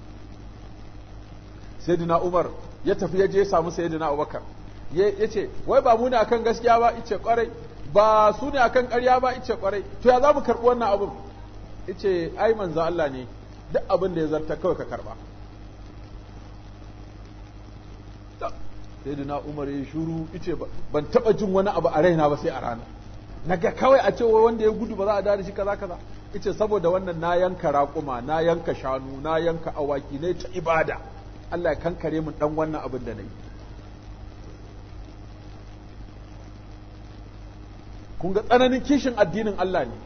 sayyidina umar ya tafi ya je ya samu sayyidina abubakar ya ce wai ba mu ne akan gaskiya ba ice kwarai ba su ne akan ƙarya ba ice kwarai to ya za mu karɓi wannan abun ice ai manzo Allah ne duk abin da ya zarta kawai ka karba sai na umar ya shuru ice ban taba jin wani abu a raina ba sai a rana naga kawai a cewa wanda ya gudu ba za a dare shi kaza kaza ice saboda wannan na yanka raƙuma na yanka shanu na yanka awaki ne ta ibada Allah ya kankare mun dan wannan abin da nayi kun ga tsananin kishin addinin Allah ne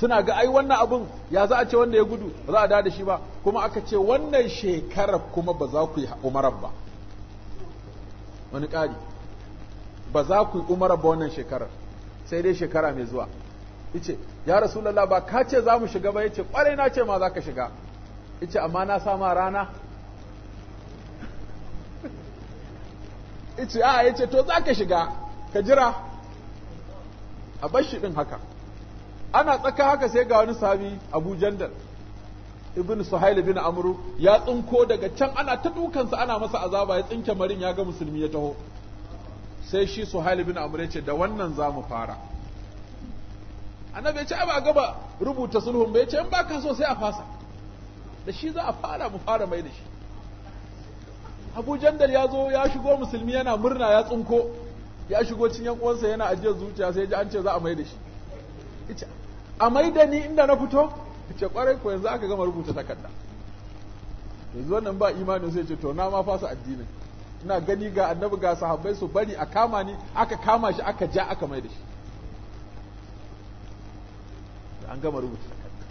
suna ga ai wannan abin ya za a ce wanda ya gudu ba za a da shi ba kuma aka ce wannan shekarar kuma ba za ku yi umarar ba wani ƙari ba za ku yi umarar ba wannan shekarar sai dai shekara mai zuwa ice ya rasulullah ba ka ce za mu shiga ba ya ce kwarai na ce ma za ka shiga Ice amma na sama rana ice a ce to za ka shiga ka jira a bashi ɗin din haka ana tsaka haka sai ga wani sahabi Abu Jandal ibn Suhail bin Amr ya tsinko daga can ana ta sa ana masa azaba ya tsinke marin ya ga musulmi ya taho sai shi Suhail bin Amr ya ce da wannan za mu fara annabi ya ce ba ga ba rubuta sulhun ba ya ce in ba ka so sai a fasa da shi za a fara mu fara mai da shi Abu Jandal ya zo ya shigo musulmi yana murna ya tsinko ya shigo cin yan uwansa yana ajiyar zuciya sai ya ji an ce za a mai da shi a da ni inda na fito ce kwarai ko yanzu aka gama rubuta takarda yanzu wannan ba imanin sai ce to na ma fasa addinin ina gani ga annabi ga sahabbai su bari a kama ni aka kama shi aka ja aka maida shi an gama rubuta takarda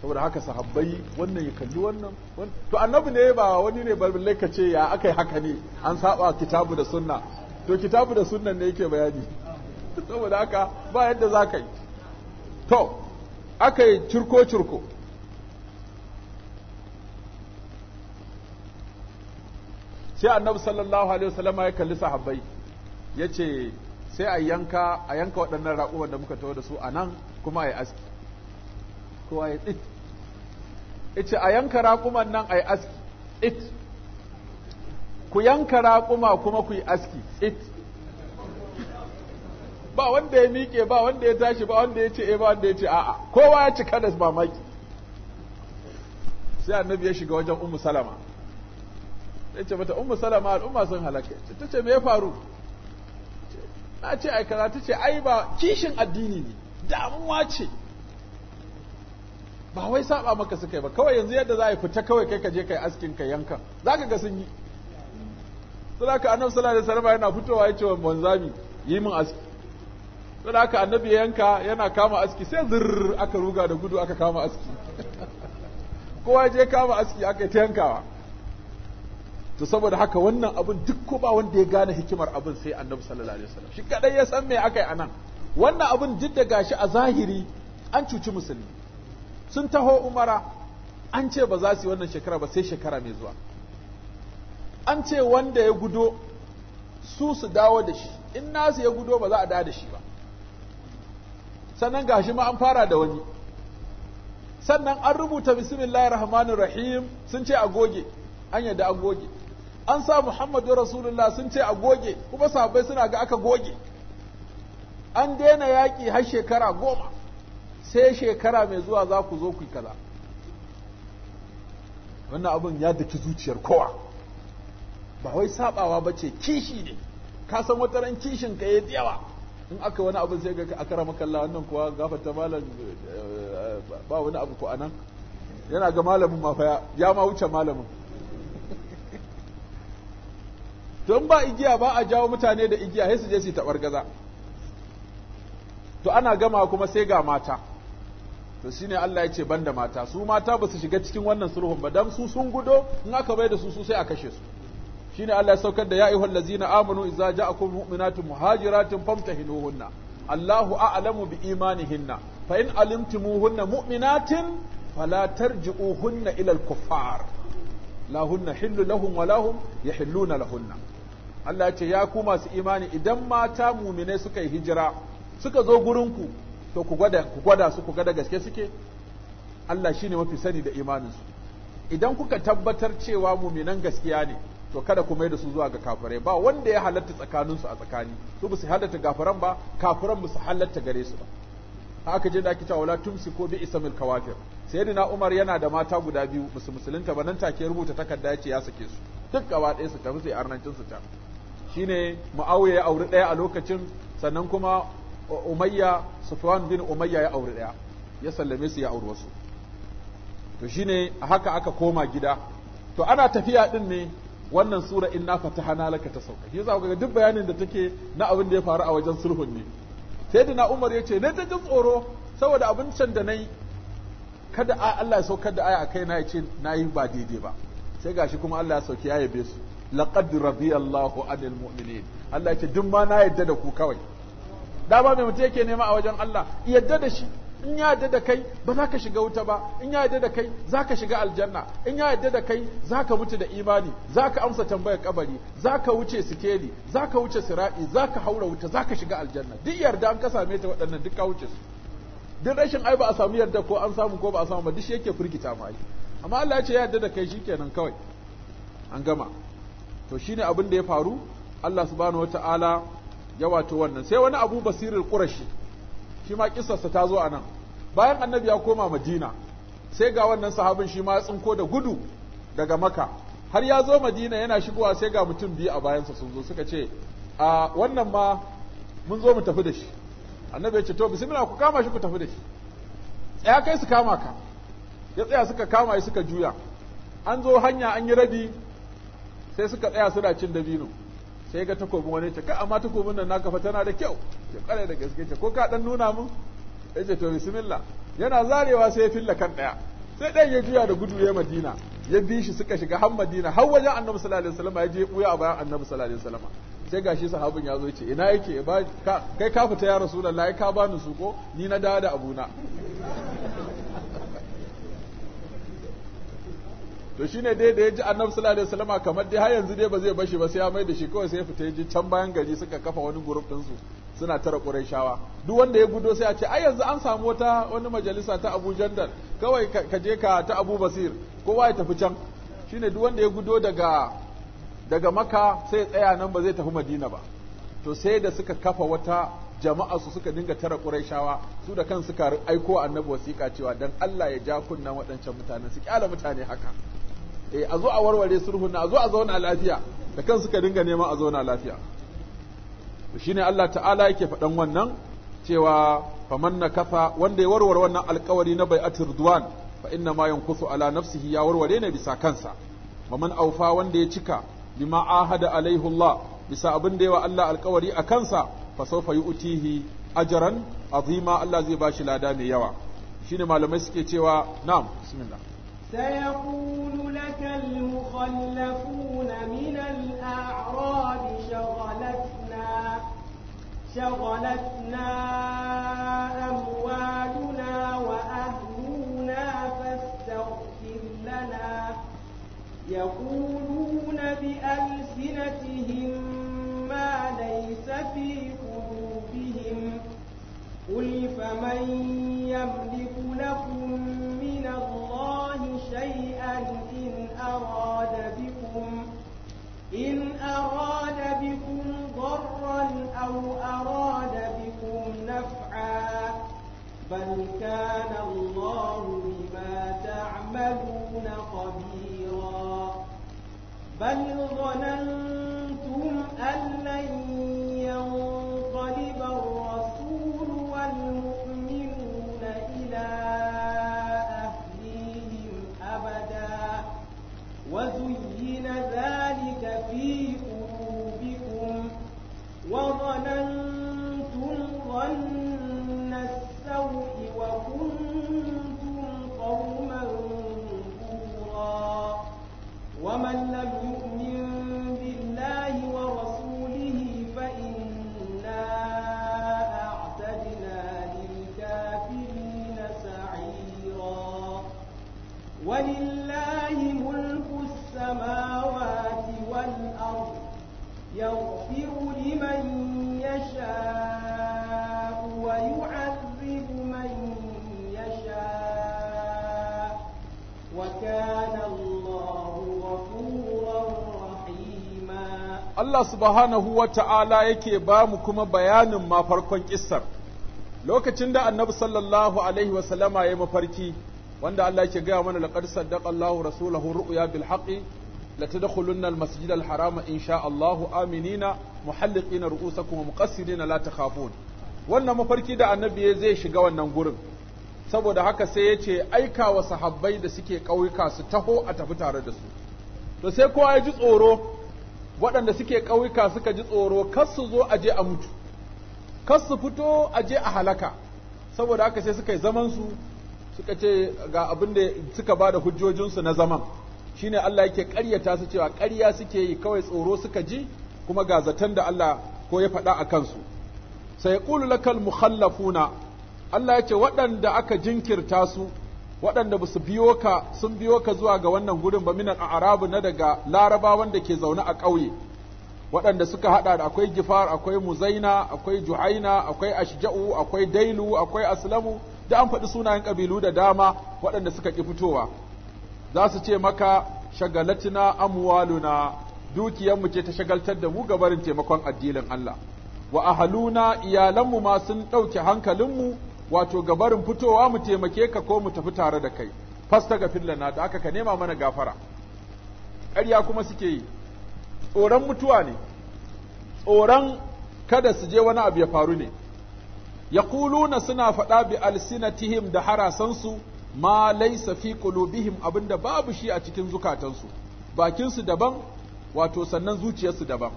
saboda haka sahabbai wannan ya kalli wannan to annabi ne ba wani ne balle ka ce ya aka yi haka ne an saba kitabu da sunna to kitabu da sunnan ne yake bayani saboda haka ba yadda za ka yi to aka yi cirko-cirko sai annabi sallallahu alaihi wasallam ya kalli sahabbai ya ce sai a yanka a yanka waɗannan raƙuwan da muka tawo da su a nan kuma a yi aski kowa ya tsit ce a yanka raƙuman nan a yi aski it ku yanka raƙuma kuma ku yi aski it ba wanda ya miƙe ba wanda ya tashi ba wanda ya ce e ba wanda ya ce a'a kowa ya cika da mamaki sai annabi ya shiga wajen ummu salama sai ce mata ummu salama al'umma sun halaka ta ce me ya faru na ce ai kaza ta ce ai ba kishin addini ne damuwa ce ba wai saba maka suka yi ba kawai yanzu yadda za a yi fita kawai kai ka je kai askin ka yanka za ka ga sun yi sai ka annabi sallallahu alaihi wasallam yana fitowa ya ce wa banzami yi min aski sai aka annabi ya yanka yana kama aski sai zirr aka ruga da gudu aka kama aski kowa je kama aski aka ta yankawa to saboda haka wannan abin duk ko ba wanda ya gane hikimar abin sai annabi sallallahu alaihi wasallam shi kadai ya san me akai anan wannan abun duk da gashi a zahiri an cuci musulmi sun taho umara an ce ba za su yi wannan shekara ba sai shekara mai zuwa an ce wanda ya gudo su su dawo da shi in nasu ya gudo ba za a dawo da shi ba sannan gashi ma an fara da wani sannan an rubuta bismillahir rahmanir rahim sun ce a goge an yadda an goge an sa muhammadu rasulullah sun ce a goge kuma sahabbai suna ga aka goge an daina yaƙi har shekara goma sai shekara mai zuwa za ku zo ku kaza wannan abun ya daki zuciyar kowa ba wai sabawa bace kishi ne ka san wata ran kishin ka yayi yawa in aka wani abin sai ga kara makalla wannan kuwa gafata malam eh, ba wani abu ko anan yana ga malamin mafaya ya ma wuce malamin don ba igiya ba a jawo mutane da igiya sai su je su tabar gaza to ana gama kuma sai ga mata to shine Allah ya ce banda mata su mata ba su shiga cikin wannan sulhun ba dan su sun gudo in aka bai da su su sai a kashe su shine Allah ya saukar da ya ayyuhal ladzina amanu idza ja'akum mu'minatun muhajiratun famtahinuhunna Allahu a'lamu bi imanihinna fa in alimtumuhunna mu'minatin fala tarji'uhunna ila al-kuffar lahunna hillu lahum wa lahum yahilluna lahunna Allah ya ce ya ku masu imani idan mata muminai suka yi hijira suka zo gurinku to ku gwada ku gwada su ku ga da gaske suke Allah shine mafi sani da imaninsu idan kuka tabbatar cewa mu'minan gaskiya ne to kada ku mai da su zuwa ga kafirai ba wanda ya halatta tsakaninsu a tsakani su ba su halatta gafaran ba kafiran ba su halatta gare su ba haka je da ake cewa wala tumsi ko bi isamil kawafir sayyidina umar yana da mata guda biyu musu musulunta ba nan take rubuta takarda ce ya sake su duk gaba ɗaya su tafi sai arnancin su ta shine muawiya ya auri ɗaya a lokacin sannan kuma umayya sufwan bin umayya ya auri ɗaya ya sallame su ya auri wasu to shine haka aka koma gida to ana tafiya din ne wannan sura inna fatahana laka ta sauka shi yasa ga duk bayanin da take na abin da ya faru a wajen sulhun ne sayyidina Umar ya ce ne ta ji tsoro saboda abin can da nayi kada Allah ya saukar da aya a kai ce yace nayi ba daidai ba sai gashi kuma Allah ya sauki ya yabe su laqad radiyallahu anil mu'minin Allah yace duk ma na yadda da ku kawai dama mai mutum yake nema a wajen Allah yadda da shi in ya yarda da kai ba za ka shiga wuta ba in ya yarda da kai za ka shiga aljanna in ya yarda da kai za ka mutu da imani za ka amsa tambayar kabari za ka wuce sikeli za ka wuce sira'i za ka haura wuta za ka shiga aljanna duk yarda an ka same ta waɗannan duk ka wuce su duk rashin ai ba a samu yarda ko an samu ko ba a samu ba duk shi yake firgita ma amma Allah ya ce ya yarda da kai shikenan kawai an gama to shine abin da ya faru Allah subhanahu wataala ya wato wannan sai wani abu basirul qurashi shi ma kisarsa ta zo a nan bayan annabi ya koma madina sai ga wannan sahabin shi ma ya tsinko da gudu daga maka har ya zo madina yana shigowa sai ga mutum biyu a bayansa sun zo suka ce a wannan ma mun zo mu tafi da shi annabi ya ce to bismillah ku kama shi ku tafi da shi tsaya kai su kama ka ya tsaya suka kama shi suka juya an zo hanya an yi rabi sai suka tsaya suna cin dabino sai ga takobin wani ce ka amma takobin nan naka fa tana da kyau ke kare da gaske ce ko ka dan nuna mun yace to bismillah yana zarewa sai ya filla kan daya sai dan ya juya da gudu ya madina ya bi shi suka shiga har madina har wajen annabi sallallahu alaihi wasallam ya je buya a bayan annabi sallallahu alaihi wasallam sai gashi sahabin ya zo ya ce ina yake ba kai ka fita ya rasulullahi ka bani su ko ni na dawo da abuna to shi ne dai da ya ji annabi sallallahu alaihi wasallam kamar dai har yanzu dai ba zai bashi ba sai ya mai da shi kawai sai ya fita ya ji can bayan gari suka kafa wani group ɗinsu suna tara shawa duk wanda ya gudo sai a ce ai yanzu an samu wata wani majalisa ta Abu Jandal kawai ka je ka ta Abu Basir kowa ya tafi can shine duk wanda ya gudo daga daga Makka sai ya tsaya nan ba zai tafi Madina ba to sai da suka kafa wata jama'a su suka dinga tara shawa su da kan suka aiko annabi wasiƙa cewa dan Allah ya ja kunnan waɗancan mutanen su kyala mutane haka eh a zo a warware sulhun a zo a zauna lafiya da kansu ka dinga neman a zauna lafiya to shine Allah ta'ala yake faɗan wannan cewa faman kafa wanda ya warware wannan alkawari na bai'atir ridwan fa inna ma yankusu ala nafsihi ya warware ne bisa kansa faman aufa wanda ya cika bima ahada alaihi Allah bisa abin da yawa Allah alkawari a kansa fa sawfa yu'tihi ajran azima Allah zai bashi lada mai yawa shine malamai suke cewa na'am bismillah سيقول لك المخلفون من الأعراب شغلتنا شغلتنا أموالنا وأهلنا فاستغفر لنا يقولون بألسنتهم ما ليس في قلوبهم قل فمن يملك بل كان الله بما تعملون خبيرا بل ظننتم Allah subhanahu wa ta'ala yake ba mu kuma bayanin mafarkon farkon ƙissar, lokacin da annabi sallallahu Alaihi wasallama ya mafarki, wanda Allah ke gaya mana laƙar saddaƙa Allahu rasulahu ru'uya bil haƙi, la ta dakhulunna al masjid al harama insha Allahu aminina muhalliqina ru'usakum kuma muqassirina la takhafun. Wannan mafarki da annabi ya zai shiga wannan gurin. Saboda haka sai ya ce aika wa sahabbai da suke ƙauyuka su taho a tafi tare da su. To sai kowa ya ji tsoro waɗanda suke ƙauyuka suka ji tsoro kar su zo a je a mutu kar su fito a je a halaka saboda haka sai suka yi zaman suka ce ga abin da suka ba da hujjojinsu na zaman shine Allah yake ƙaryata su cewa ƙarya suke yi kawai tsoro suka ji kuma ga zaton da Allah ko ya faɗa a kansu sai yaqulu lakal mukhallafuna Allah ya waɗanda aka jinkirta su waɗanda ba su biyo ka sun biyo ka zuwa ga wannan gurin ba minan arabu na daga laraba wanda ke zaune a ƙauye waɗanda suka haɗa da akwai gifar akwai muzaina akwai juhaina akwai ashja'u akwai dailu akwai aslamu da an faɗi sunayen ƙabilu da dama waɗanda suka ƙi fitowa za su ce maka shagalatina amwaluna dukiyarmu ce ta shagaltar da mu gabarin taimakon addinin Allah wa ahaluna iyalanmu ma sun ɗauke hankalinmu wato gabarin fitowa mu taimake ka ko mu tafi tare da kai fasta ga lana da aka ka nema mana gafara ƙarya kuma suke yi tsoron mutuwa ne tsoron kada su je wani abu ya faru ne yaquluna suna faɗa bi alsinatihim da harasansu ma laysa fi qulubihim abinda babu shi a cikin zukatansu bakinsu daban wato sannan zuciyarsu daban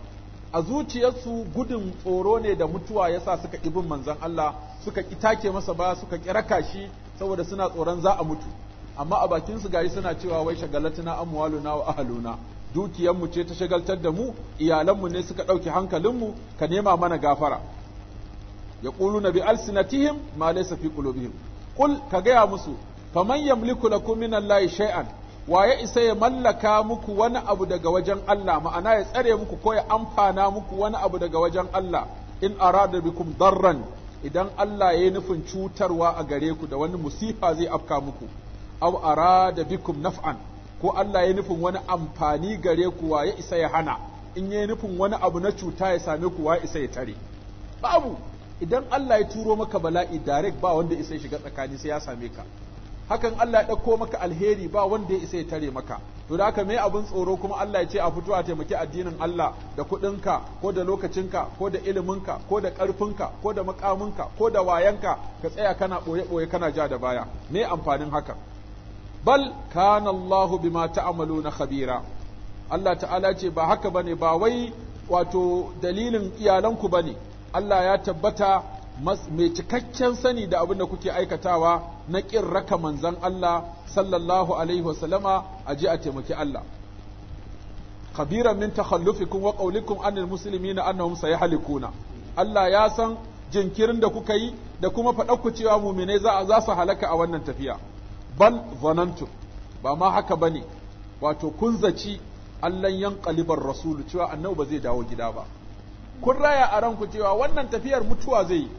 a zuciyarsu gudun tsoro ne da mutuwa yasa suka ki bin manzon Allah suka ki take masa ba suka kiraka raka shi saboda suna tsoron za a mutu amma a bakin su gari suna cewa wai shagalatuna amwaluna wa ahluna dukiyar mu ce ta shagaltar da mu iyalan mu ne suka ɗauki hankalin mu ka nema mana gafara Ya yaquluna bi alsinatihim ma laysa fi qulubihim qul ka gaya musu faman yamliku lakum min allahi shay'an wa ya isa ya mallaka muku wani abu daga wajen Allah ma'ana ya tsare muku ko ya amfana muku wani abu daga wajen Allah in arada bikum darran idan Allah ya yi nufin cutarwa a gare ku da wani musifa zai afka muku aw arada bikum naf'an ko Allah ya yi nufin wani amfani gare ku wa ya isa ya hana in ya yi nufin wani abu na cuta ya same ku wa ya isa ya tare babu idan Allah ya turo maka bala'i direct ba wanda isa shiga tsakani sai ya same ka hakan Allah ya ɗauko maka alheri ba wanda ya isa ya tare maka to da aka mai abin tsoro kuma Allah ya ce a fito a taimaki addinin Allah da kuɗinka ko da lokacinka ko da iliminka ko da ƙarfinka ko da makaminka ko da wayanka ka tsaya kana ɓoye ɓoye kana ja da baya me amfanin haka bal kana Allah bima na khabira Allah ta'ala ce ba haka bane ba wai wato dalilin iyalanku bane Allah ya tabbata mai cikakken sani da abin da kuke aikatawa na ƙin raka manzan Allah sallallahu alaihi wasallama a je a taimaki Allah khabiran min takhallufikum wa qawlikum anil muslimina ya halikuna. Allah ya san jinkirin da kuka yi da kuma faɗa ku cewa muminai za a su halaka a wannan tafiya bal zanantu ba ma haka ne. wato kun zaci allan yanqalibar rasulu cewa annabi ba zai dawo gida ba kun raya a ranku cewa wannan tafiyar mutuwa zai yi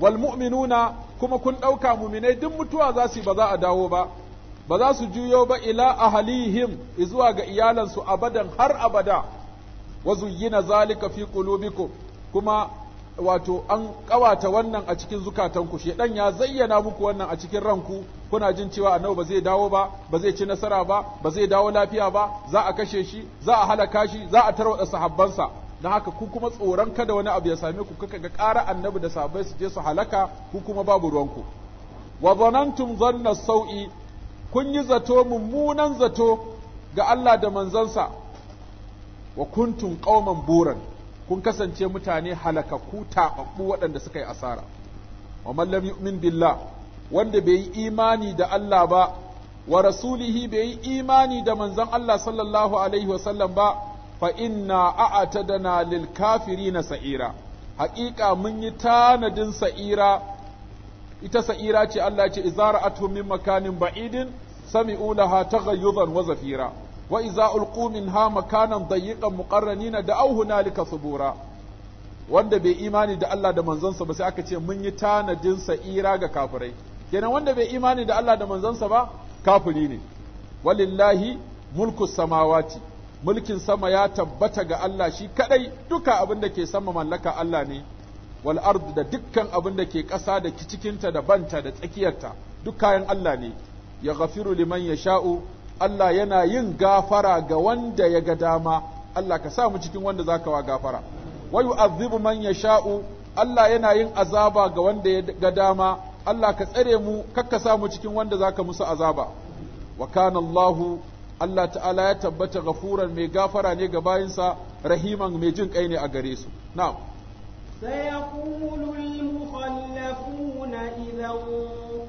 wal mu'minuna kuma kun ɗauka muminai duk mutuwa za su ba za a dawo ba ba za su juyo ba ila ahalihim zuwa ga iyalansu abadan har abada wa zuyyina zalika fi qulubikum kuma wato an kawata wannan a cikin zukatanku shedan ya zayyana muku wannan a cikin ranku kuna jin cewa annabi ba zai dawo ba ba zai ci nasara ba ba zai dawo lafiya ba za a kashe shi za a halaka shi za a tarwada sahabbansa don haka ku kuma tsoron kada wani abu ya same ku kuka ga ƙara annabi da sabai su je su halaka ku kuma babu ruwanku wa zanantum zanna sau'i kun yi zato mummunan zato ga Allah da manzansa wa kuntum qauman buran kun kasance mutane halakakku taɓaɓɓu waɗanda suka yi asara wa man lam billah wanda bai yi imani da Allah ba wa rasulihi bai yi imani da manzon Allah sallallahu alaihi wasallam ba fa inna a'tadana lil na sa'ira haƙiƙa mun yi tanadin sa'ira ita sa'ira ce Allah ce izara a min makanin ba'idin sami'u ta gayyuzan wa zafira wa iza ulqu minha makanan dayyiqan na da'aw hunalika subura wanda bai imani da Allah da manzansa ba sai aka ce mun yi tanadin sa'ira ga kafirai kenan wanda bai imani da Allah da manzansa ba kafiri ne walillahi mulku samawati mulkin sama ya tabbata ga Allah shi kadai duka abin da ke sama mallaka Allah ne wal ard da dukkan abin da ke ƙasa da cikinta da banta da tsakiyarta duk kayan Allah ne ya ghafiru liman yasha'u Allah yana yin gafara ga wanda ya ga dama Allah ka sa mu cikin wanda zaka wa gafara wa yu'adhibu man yasha'u Allah yana yin azaba ga wanda ya ga dama Allah ka tsare mu kakka sa mu cikin wanda za ka musu azaba wa kana Allahu Allah ta'ala ya tabbata gafuran mai gafara ne ga bayansa rahiman mai jin kai ne a gare su na'am sayaqulu al-mukhallafuna idha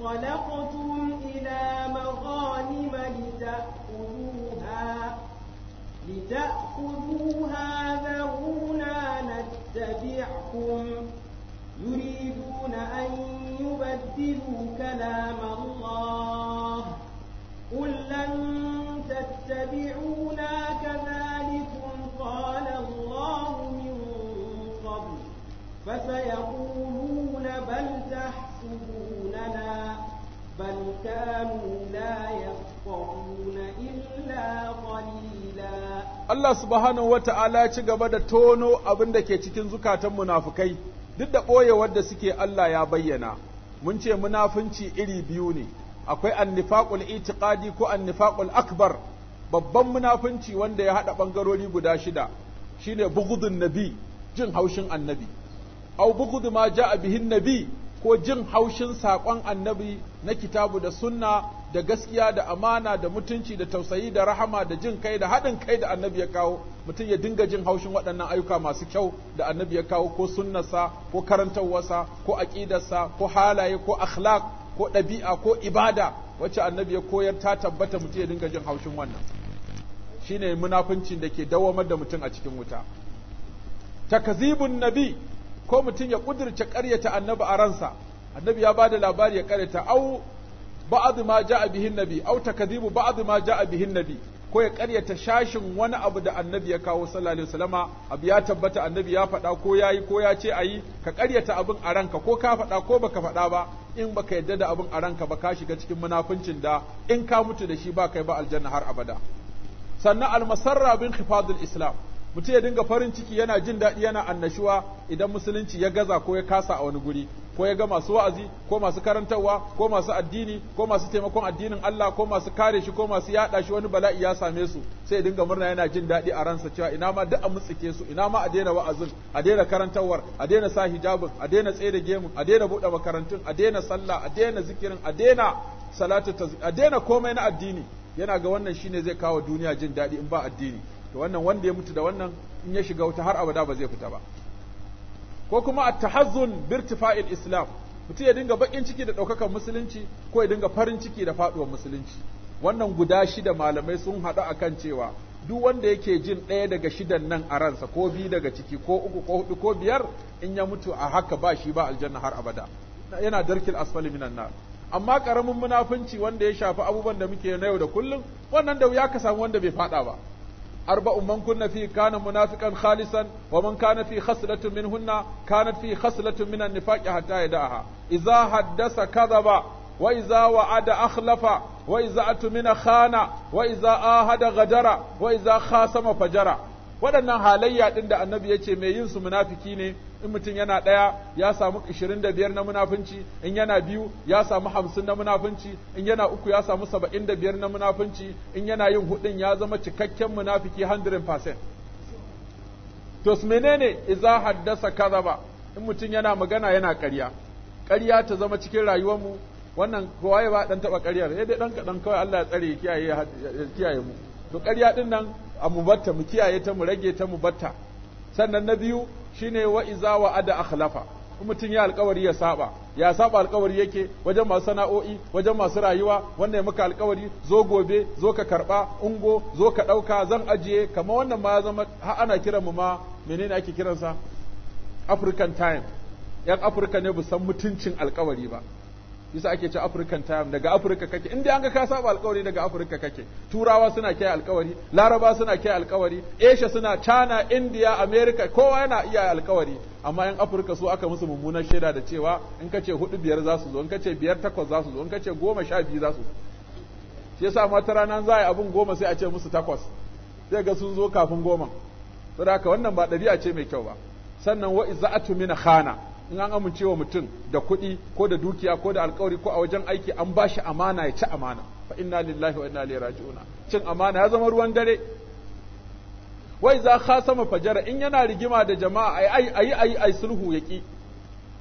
qalaqtum ila maghanim lita'khudhuha lita'khudhuha dharuna nattabi'kum yuriduna an yubaddilu kalam Allah يقولون بل تحسبوننا بل كانوا لا يفقهون إلا قليلا الله سبحانه وتعالى ci gaba da tono abin da ke cikin zukatan munafukai duk da ɓoyewar da suke Allah ya bayyana mun ce munafunci iri biyu ne akwai annifaqul itiqadi ko annifaqul akbar babban munafunci wanda ya haɗa ɓangarori guda shida shine bugudun nabi jin haushin annabi au bughd ma ja'a bihin nabi ko jin haushin saƙon annabi na kitabu da sunna da gaskiya da amana da mutunci da tausayi da rahama da jin kai da haɗin kai da annabi ya kawo mutum ya dinga jin haushin waɗannan ayyuka masu kyau da annabi ya kawo ko sunnarsa ko karantarwarsa ko aƙidarsa ko halaye ko akhlaq ko ɗabi'a ko ibada wacce annabi ya koyar ta tabbata mutum ya dinga jin haushin wannan shine munafincin da ke dawamar da mutum a cikin wuta Takazibun nabi ko mutum ya kudirce karyata annabi a ransa annabi ya ba da labari ya karyata au ba'd ma ja'a bihin nabi au takdhibu ba'd ma ja'a bihin nabi ko ya karyata shashin wani abu da annabi ya kawo sallallahu alaihi wasallama abu ya tabbata annabi ya faɗa ko yayi ko ya ce ayi ka karyata abin a ranka ko ka faɗa ko baka faɗa ba in baka yadda da abin a ranka ba ka shiga cikin munafincin da in ka mutu da shi ba kai ba aljanna har abada sannan almasarra rabin bin khifadul islam mutum ya dinga farin ciki yana jin daɗi yana annashuwa idan musulunci ya gaza ko ya kasa a wani guri ko ya ga masu wa'azi ko masu karantarwa ko masu addini ko masu taimakon addinin Allah ko masu kare shi ko masu yaɗa shi wani bala'i ya same su sai ya dinga murna yana jin daɗi a ransa cewa ina ma duk a mutsike su ina ma a daina wa'azin a daina karantarwar a daina sa hijabin a daina tsere gemun a daina buɗe makarantun a daina sallah a daina zikirin a daina salatu a daina komai na addini yana ga wannan shine zai kawo duniya jin daɗi in ba addini to wannan wanda ya mutu da wannan in ya shiga wuta har abada ba zai fita ba ko kuma at-tahazzun birtifa'il islam mutum ya dinga bakin ciki da ɗaukakar musulunci ko ya dinga farin ciki da faduwar musulunci wannan guda shida malamai sun haɗu akan cewa duk wanda yake jin ɗaya daga shidan nan a ransa ko biyu daga ciki ko uku ko hudu ko biyar in ya mutu a haka ba shi ba aljanna har abada yana darkil asfali minan nar amma karamin munafunci wanda ya shafi abubuwan da muke na yau da kullum wannan da wuya ka samu wanda bai faɗa ba أربع من كن فيه كان منافقا خالصا ومن كان في خصلة منهن كانت في خصلة من النفاق حتى يدعها إذا حدث كذب وإذا وعد أخلف وإذا أتمن خان وإذا آهد غدر وإذا خاصم فجر waɗannan halayya ɗin da annabi ya ce mai yin su munafiki ne in mutum yana ɗaya ya samu ishirin da biyar na munafunci in yana biyu ya samu hamsin na munafunci in yana uku ya samu saba'in da biyar na munafunci in yana yin hudun ya zama cikakken munafiki 100% to menene iza haddasa ba in mutum yana magana yana ƙarya ƙarya ta zama cikin rayuwarmu wannan kowa ya ba dan taba ƙaryar sai dai dan kaɗan kawai Allah ya tsare kiyaye mu to ƙarya ɗin nan mu batta mu kiyaye ta mu rage ta mu batta sannan na biyu shine wa iza wa ada akhlafa mutum ya alkawari ya saba ya saba alkawari yake wajen masu sana'o'i wajen masu rayuwa wanda ya maka alkawari zo gobe zo ka karba ungo zo ka dauka zan ajiye kamar wannan ma zama ha ana kiran mu ma menene ake kiransa African time yan Africa ne bu san mutuncin alkawari ba yasa ake ce African time daga Africa kake in dai an ga ka saba alƙawari daga Africa kake turawa suna kai alƙawari. laraba suna kai alƙawari. Asia suna China India America kowa yana iya alƙawari. amma yan Africa su aka musu mummunan shaida da cewa in ka ce hudu biyar za su zo in ka ce biyar takwas za su zo in ka ce goma sha biyu za su zo shi yasa mata rana za a yi abun goma sai a ce musu takwas sai ga sun zo kafin goma saboda haka wannan ba ɗabi'a ce mai kyau ba sannan wa iza'atu min khana in an amince wa mutum da kuɗi ko da dukiya ko da alkawari ko a wajen aiki an ba shi amana ya ci amana fa inna lillahi wa inna ilaihi raji'un cin amana ya zama ruwan dare wai za khasama fajara in yana rigima da jama'a ai ai ai ai sulhu yaki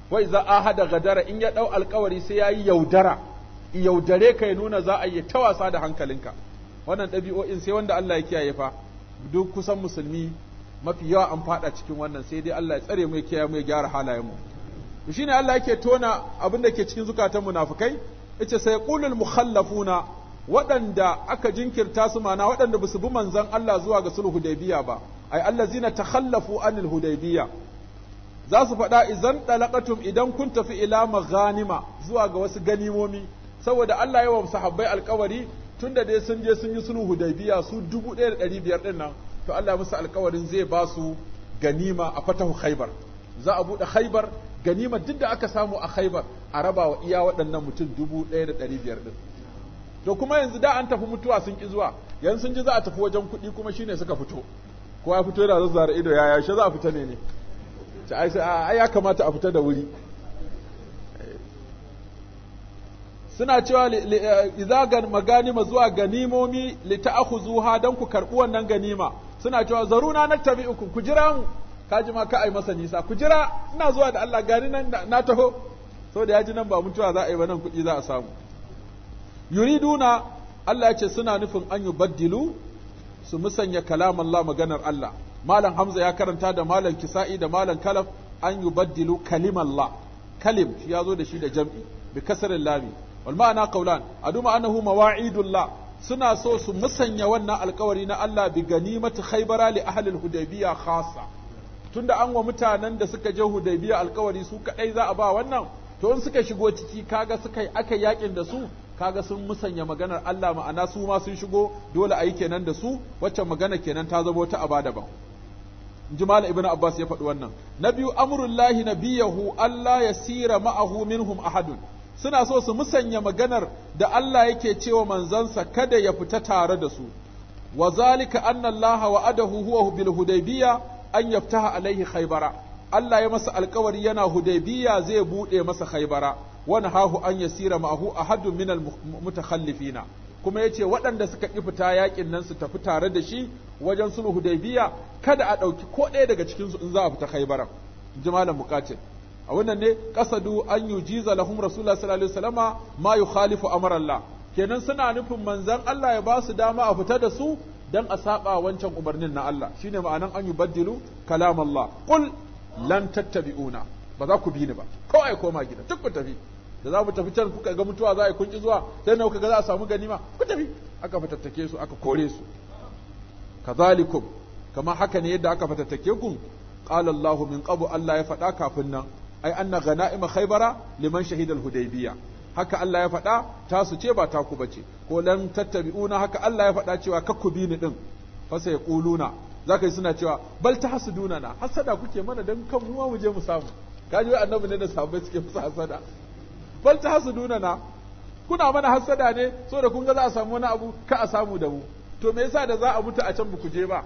wai za ahada gadara in ya dau alkawari sai yayi yaudara yaudare ka ya nuna za a yi ta wasa da hankalinka wannan ɗabi'o'in sai wanda Allah ya kiyaye fa duk kusan musulmi mafi yawa an fada cikin wannan sai dai Allah ya tsare mu ya kiyaye mu ya gyara halayen mu shi ne Allah yake tona abin da ke cikin zukatan munafukai yace sai qulul mukhallafuna waɗanda aka jinkirta su mana waɗanda basu bi manzon Allah zuwa ga sulhu hudaybiya ba ai allazina takhallafu anil hudaybiya za su faɗa idan talaqatum idan kun tafi ila maghanima zuwa ga wasu ganimomi saboda Allah ya wa sahabbai alkawari tunda dai sun je sun yi sulhu hudaybiya su 1500 din nan to Allah musu alkawarin zai ba su ganima a fatahu khaybar za a buɗe khaybar ganima duk da aka samu a Khaibar a raba wa iya waɗannan mutum 1500 din to kuma yanzu da an tafi mutuwa sun ki zuwa yanzu sun ji za a tafi wajen kuɗi kuma shine suka fito kowa ya fito yana zazzara ido ya yaushe za a fita ne ne ta ai sai ya kamata a fita da wuri suna cewa idza eh, gan maganima zuwa ganimomi li ta'khuzuha dan ku karbu wannan ganima suna cewa zaruna natabi'ukum ku jira mu ji ma ka ai masa nisa ku jira ina zuwa da Allah gani nan na taho saboda ji nan ba mutuwa za a yi ba nan kuɗi za a samu yuriduna Allah ya ce suna nufin an baddilu su musanya kalaman Allah maganar Allah malam Hamza ya karanta da malam Kisa'i da malam Kalaf an kaliman kalimallah kalim shi zo da shi da jam'i bi kasrin lami wal ma'ana qawlan aduma annahu mawa'idullah suna so su musanya wannan alkawari na Allah bi ganimati khaybara li ahli al-hudaybiyya khassa tunda an wa mutanen da suka je Hudaybiya alkawari su kadai za a ba wannan to in suka shigo ciki kaga suka aka yakin da su kaga sun musanya maganar Allah ma'ana su ma sun shigo dole a yi kenan da su wacce magana kenan ta zama ta aba daban inji Malam ibnu Abbas ya faɗi wannan nabiyu biyu amrullahi nabiyahu Allah yasira ma'ahu minhum ahadun suna so su musanya maganar da Allah yake cewa manzansa kada ya fita tare da su wa zalika anna Allah wa'adahu huwa bil hudaybiya an yaftaha alaihi khaybara Allah ya masa alkawari yana hudaybiya zai bude masa khaybara Wani hahu an yasira ma'ahu haddun min almutakhallifina kuma yace waɗanda suka ƙi fita yakin nan su tafi tare da shi wajen sulhu hudaybiya kada a ɗauki ko ɗaya daga cikin su in za a fita khaybara ji malam bukatin a wannan ne kasadu an yujiza lahum rasulullah sallallahu alaihi wasallama ma yukhalifu amrallah kenan suna nufin manzan Allah ya ba su dama a fita da su dan a saba wancan umarnin na Allah shine ma'anan an yubaddilu kalam Allah qul lan tattabi'una ba za ku bi ni ba kawai koma gida duk ku tafi da za mu tafi can kuka ga mutuwa za a yi kunki zuwa sai na kuka ga za a samu ganima ku tafi aka fatattake su aka kore su kazalikum kama haka ne yadda aka fatattake ku qala Allah min qabu Allah ya faɗa kafin nan ai anna ghanaima khaybara liman shahidal hudaybiya haka Allah ya faɗa ta su ce ba taku ce ko lan tattabi'una haka Allah ya faɗa cewa kakku bi ni din fa sai quluna zaka yi suna cewa bal ta hasuduna na hasada kuke mana dan kan mu mu je mu samu kaji wai annabi ne da sahabbai suke musu hasada bal ta hasuduna na kuna mana hasada ne saboda kun ga za a samu wani abu ka a samu da mu to me yasa da za a mutu a can ku je ba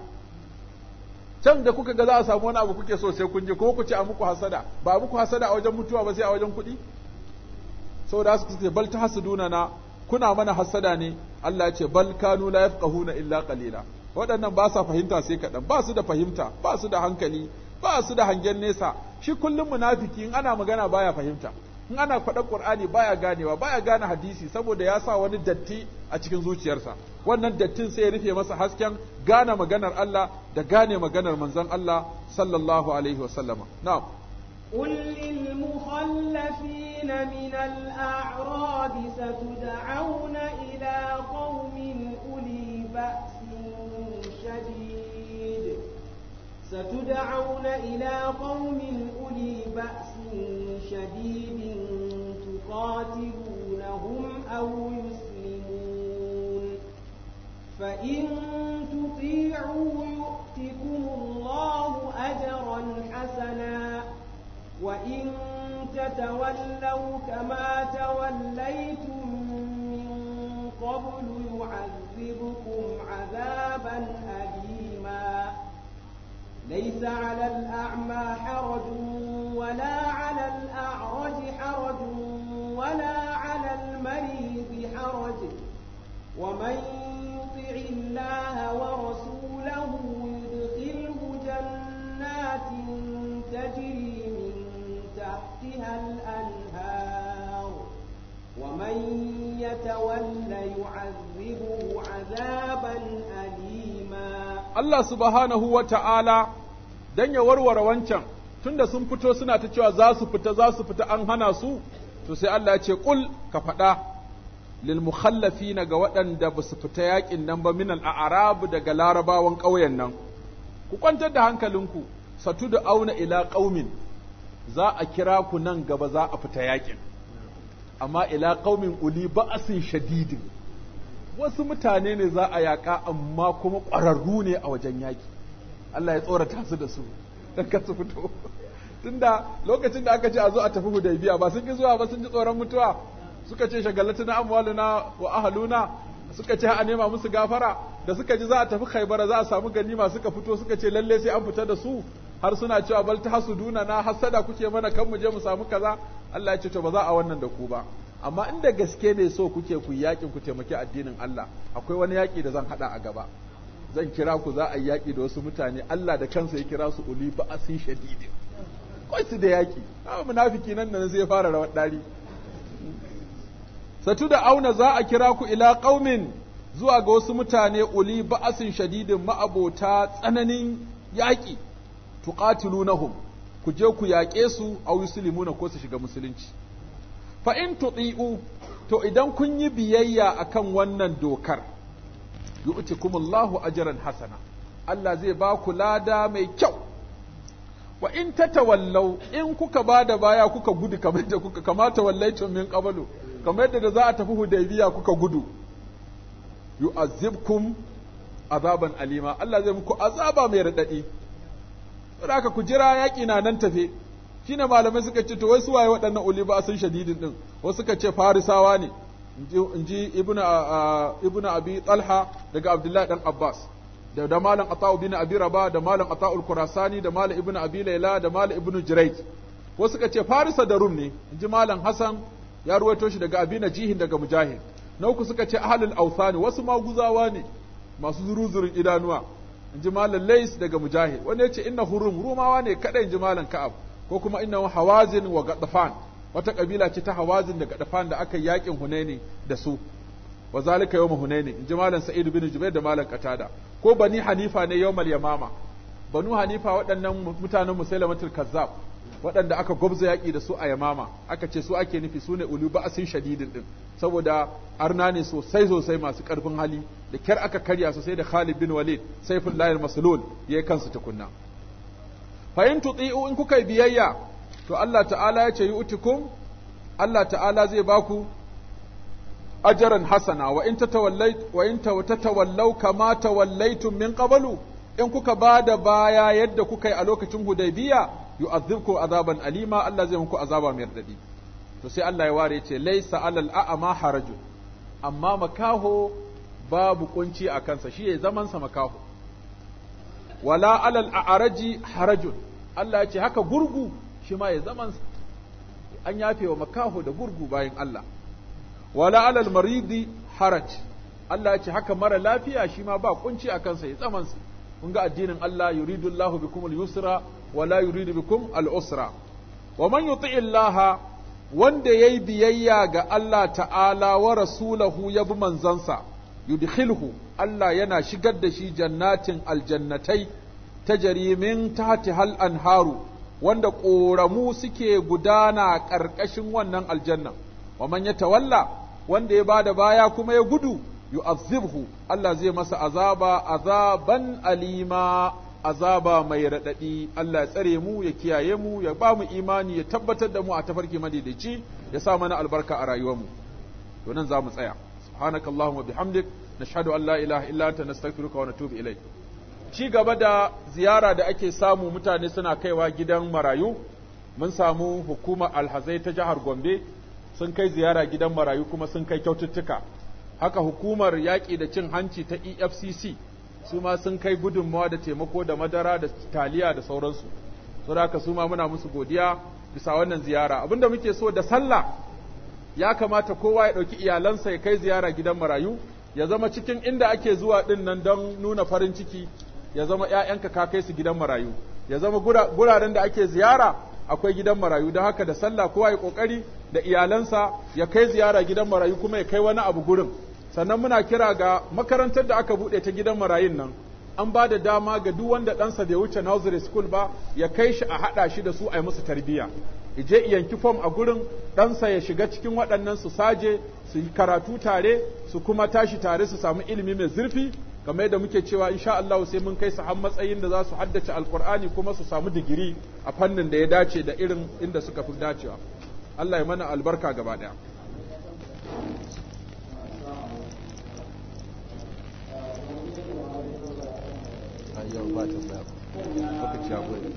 can da kuka ga za a samu wani abu kuke so sai kun je ko ku ce a muku hasada ba a muku hasada a wajen mutuwa ba sai a wajen kuɗi saboda haka suke ce bal tahsuduna na kuna mana hasada ne Allah ya ce bal kanu la yafqahuna illa qalila waɗannan ba sa fahimta sai kaɗan ba su da fahimta ba su da hankali ba su da hangen nesa shi kullum munafiki in ana magana baya fahimta in ana faɗan Qur'ani baya ganewa baya gane hadisi saboda ya sa wani datti a cikin zuciyarsa wannan dattin sai ya rufe masa hasken gane maganar Allah da gane maganar manzon Allah sallallahu alaihi wasallama na'am قل للمخلفين من الأعراب ستدعون إلى قوم أولي بأس شديد ستدعون إلى قوم أولي بأس شديد تقاتلونهم أو يسلمون فإن تطيعون وإن تتولوا كما توليتم من قبل يعذبكم عذابا أليما ليس على الأعمى حرج ولا على الأعرج حرج ولا على المريض حرج ومن يطع الله ورسوله يدخله جنات تجري فيها الأنهار ومن يتولى يعذبه dan ya warware wancan tunda sun fito suna ta cewa za su fita za fita an hana su to sai Allah ce kul ka faɗa lil mukhallafina ga waɗanda ba su fita yaƙin nan ba minal a'rab daga larabawan ƙauyen nan ku kwantar da hankalinku satudu auna ila qaumin za a kira ku nan gaba za a fita yakin amma ila qaumin uli ba'sin shadidin wasu mutane ne za a yaka amma kuma ƙwararru ne a wajen yaƙi Allah ya tsorata su da su don ka su fito tunda lokacin da aka ce a zo a tafi hudaybiya ba sun ki zuwa ba sun ji tsoron mutuwa suka ce shagalatu na amwaluna wa Ahluna? suka ce a nema musu gafara da suka ji za a tafi khaybar za a samu ganima suka fito suka ce lalle sai an fita da su har suna cewa bal ta hasuduna na hasada kuke mana kan mu je mu samu kaza Allah ya ce to ba za a wannan da ku ba amma inda gaske ne so kuke ku yakin ku taimaki addinin Allah akwai wani yaki da zan hada a gaba zan kira ku za a yi yaki da wasu mutane Allah da kansa ya kira su uli ba shadidin kai su da yaki amma munafiki nan nan zai fara rawar dari satu da auna za a kira ku ila qaumin zuwa ga wasu mutane uli ba'asin shadidin ma'abota tsananin yaƙi tuqatilunahum ku je ku yaƙe su aw yuslimuna ko su shiga musulunci fa in tuti'u to idan kun yi biyayya akan wannan dokar yu'tikumullahu ajran hasana Allah zai ba ku lada mai kyau wa in tatawallau in kuka ba da baya kuka gudu kamar da kuka kamata wallaitum min qablu kamar da za a tafi hudaybiya kuka gudu yu'azzibkum azaban alima Allah zai muku azaba mai radadi aka ku jira yaƙi na nan tafe shine malamai suka ce to wai su waye waɗannan uli ba sun shadidin ɗin? wasu suka ce farisawa ne In ji Ibn abi talha daga abdullahi Ɗan abbas da da malam ata'u bin abi raba da malam ata'ul kurasani da malam Ibn abi laila da malam Ibn jurayj wasu suka ce farisa da rum ne ji malam Hassan ya ruwaito shi daga abi najihin daga mujahid na uku suka ce ahlul awthani wasu maguzawa ne masu zuruzurin idanuwa in ji malam lais daga mujahid wani ya ce inna hurum rumawa ne kaɗai in ji malam ka'ab ko kuma inna hawazin wa gadafan wata kabila ce ta hawazin da gadafan da aka yakin hunaini da su wa zalika yawm hunaini in ji malam sa'id bin jubair da malam qatada ko bani hanifa ne yawmal yamama banu hanifa waɗannan mutanen musailamatul kazzab waɗanda aka gwabza yaƙi da su a yamama aka ce su ake nufi su ne ulu ba'asin shadidin ɗin. saboda arna ne sosai sosai masu ƙarfin hali da kyar aka karya su sai da Khalid bin Walid Saifullah maslul yi kansu tukunna fa in tuti'u in kuka biyayya to Allah ta'ala ya ce yi yu'tikum Allah ta'ala zai baku ajaran hasana wa in tatawallait wa in tatawallaw kama tawallaitum min qablu in kuka bada baya yadda kuka yi a lokacin hudaybiya yu'adhibku azaban alima Allah zai muku azaba mai radadi to sai Allah ya ware ce laisa alal a'ama haraju amma makaho babu kunci a kansa shi ya zaman sa makaho wala alal araji harajun Allah ya ce haka gurgu shi ma ya zaman an yafe wa makaho da gurgu bayan Allah wala alal maridi haraj Allah ya ce haka mara lafiya shi ma ba kunci a kansa ya zaman sa kun ga addinin Allah yuridullahu bikumul yusra wala yuridu bikum al-usra wa man yuti illaha wanda yayi biyayya ga Allah ta'ala wa rasulahu bi manzansa yudhilhu. Allah yana shigar da shi jannatin aljannatai ta min tahtihal anharu wanda ƙoramu suke gudana ƙarƙashin wannan aljanna wa man yatawalla wanda ya bada baya kuma ya gudu yu'azzibhu Allah zai masa azaba azaban alima azaba mai raɗaɗi Allah ya tsare mu ya kiyaye mu ya ba mu imani ya tabbatar da mu a tafarki madaidaici ya sa mana albarka a rayuwar mu. to nan za mu tsaya allahumma bihamdik nashhadu an la ilaha illa anta nastaghfiruka wa natubu ilayk ci gaba da ziyara da ake samu mutane suna kaiwa gidan marayu mun samu hukuma alhazai ta jihar Gombe sun kai ziyara gidan marayu kuma sun kai kyaututtuka haka hukumar yaƙi da cin hanci ta EFCC su ma sun kai gudunmawa da taimako da madara da taliya da sauransu Su da haka su ma muna musu godiya bisa wannan ziyara abinda muke so da sallah ya kamata kowa ya ɗauki iyalansa ya kai ziyara gidan marayu ya zama cikin inda ake zuwa ɗin nan don nuna farin ciki ya zama ‘ya'yanka ka kai su gidan marayu ya zama guraren da ake ziyara akwai gidan marayu don haka da sallah kowa ya ƙoƙari da iyalansa ya kai ziyara gidan marayu kuma ya kai wani abu gurin sannan muna kira ga makarantar da aka buɗe ta gidan marayun nan an ba da dama ga duk wanda ɗansa bai wuce nursery school ba ya kai shi a haɗa shi da su a yi musu tarbiyya ije yanki fom a gurin ɗansa ya shiga cikin waɗannan su saje su yi karatu tare su kuma tashi tare su samu ilimi mai zurfi kamar yadda muke cewa insha Allah sai mun kai su har matsayin da za su haddace alkur'ani kuma su samu digiri a fannin da ya dace da irin inda suka fi dacewa Allah ya mana albarka gaba ɗaya yau ba ta to lokaci ya gode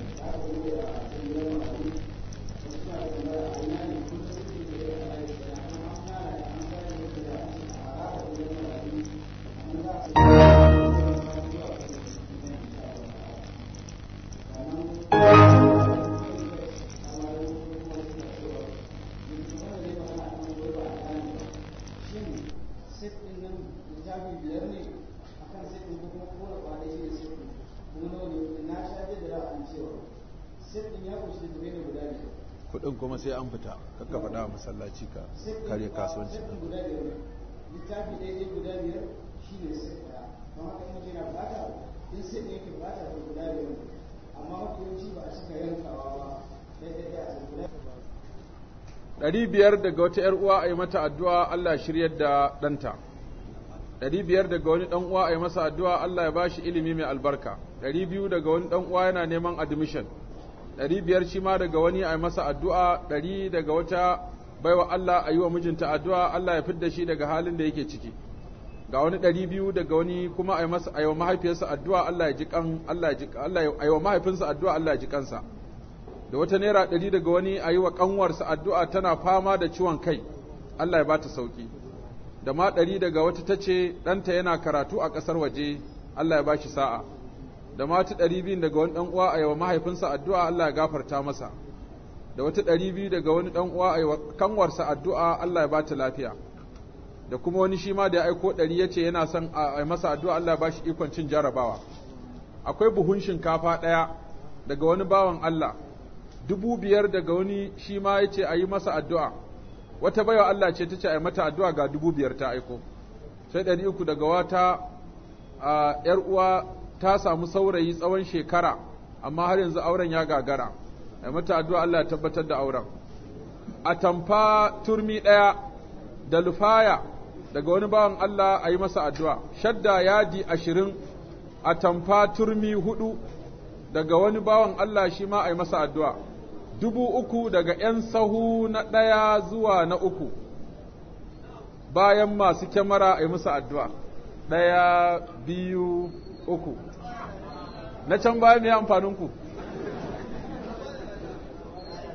Thank you. kudin kuma sai an fita kakka fada wa masallaci ka kare kasuwanci ɗin ɗari biyar daga wata ‘yar uwa a yi mata addu'a Allah shiryar da ɗanta ɗari biyar daga wani ɗan uwa a yi masa addu'a Allah ya ba shi ilimi mai albarka ɗari biyu daga wani ɗan uwa yana neman admission ɗari biyar shi ma daga wani a masa addu'a ɗari daga wata baiwa Allah a yi wa mijinta addu'a Allah ya fidda shi daga halin da yake ciki ga wani ɗari biyu daga wani kuma a yi masa a yi wa mahaifiyarsa addu'a Allah ya ji kan Allah ya yi wa mahaifinsa addu'a Allah ya ji kansa da wata naira ɗari daga wani a yi wa ƙanwarsa addu'a tana fama da ciwon kai Allah ya ba ta sauƙi da ma ɗari daga wata ta ce ɗanta yana karatu a ƙasar waje Allah ya ba shi sa'a da mata ɗari biyu daga wani ɗan'uwa a yawa mahaifinsa addu'a Allah ya gafarta masa, da wata ɗari biyu daga wani ɗan'uwa a yawa kanwarsa addu'a Allah ya ba ta lafiya, da kuma wani shi ma da ya aiko ɗari ya ce yana son a masa addu'a Allah ya ba shi ikon cin jarabawa. Akwai buhun shinkafa ɗaya daga wani bawan Allah, dubu biyar daga wani shi ma ya ce a yi masa addu'a, wata baiwa Allah ce ta ce a yi mata addu'a ga dubu biyar ta aiko, sai ɗari uku daga wata ‘yar uwa ta samu saurayi tsawon shekara amma har yanzu auren ya gagara ya mata addu'a Allah ya tabbatar da auren a tamfa turmi daya da lufaya daga wani bawan Allah a yi masa addu'a shadda yadi ashirin a tamfa turmi hudu daga wani bawan Allah shi ma a yi masa addu'a dubu uku daga ‘yan sahu na ɗaya zuwa na uku bayan masu kyamara a yi masa addu'a ɗaya biyu uku na can baya mai amfanin ku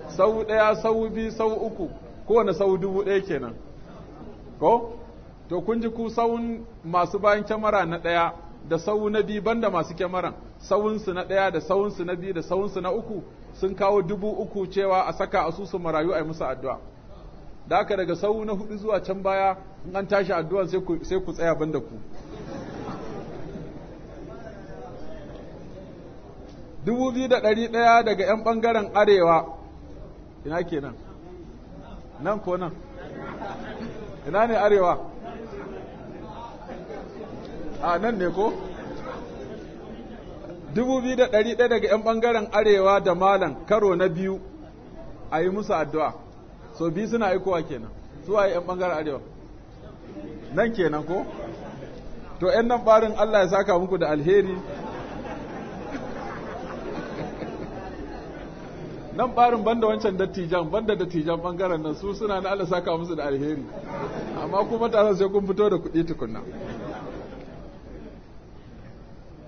sau ɗaya sau biyu sau uku kowane sau dubu ɗaya kenan ko to kun ji ku saun masu bayan kyamara na ɗaya da sau na biyu banda masu kyamaran sauwinsu na ɗaya da sauwinsu na biyu da sauwinsu na uku sun kawo dubu uku cewa a saka asusun marayu a yi musu addu'a da aka daga sau na hudu zuwa can baya in an tashi addu'a sai ku tsaya banda ku dubu biyu da ɗari ɗaya daga 'yan ɓangaren arewa ina ke nan nan ko nan ina ne arewa a nan ne ko dubu biyu da ɗari ɗaya daga 'yan ɓangaren arewa da malam karo na biyu a yi musu addu'a so biyu suna aikowa kenan su a yi 'yan ɓangaren arewa nan kenan ko to 'yan nan ɓarin allah ya saka muku da alheri nan barin banda wancan dattijan banda dattijan bangaren nan su suna na Allah saka musu da alheri amma kuma tare sai kun fito da kuɗi tukunna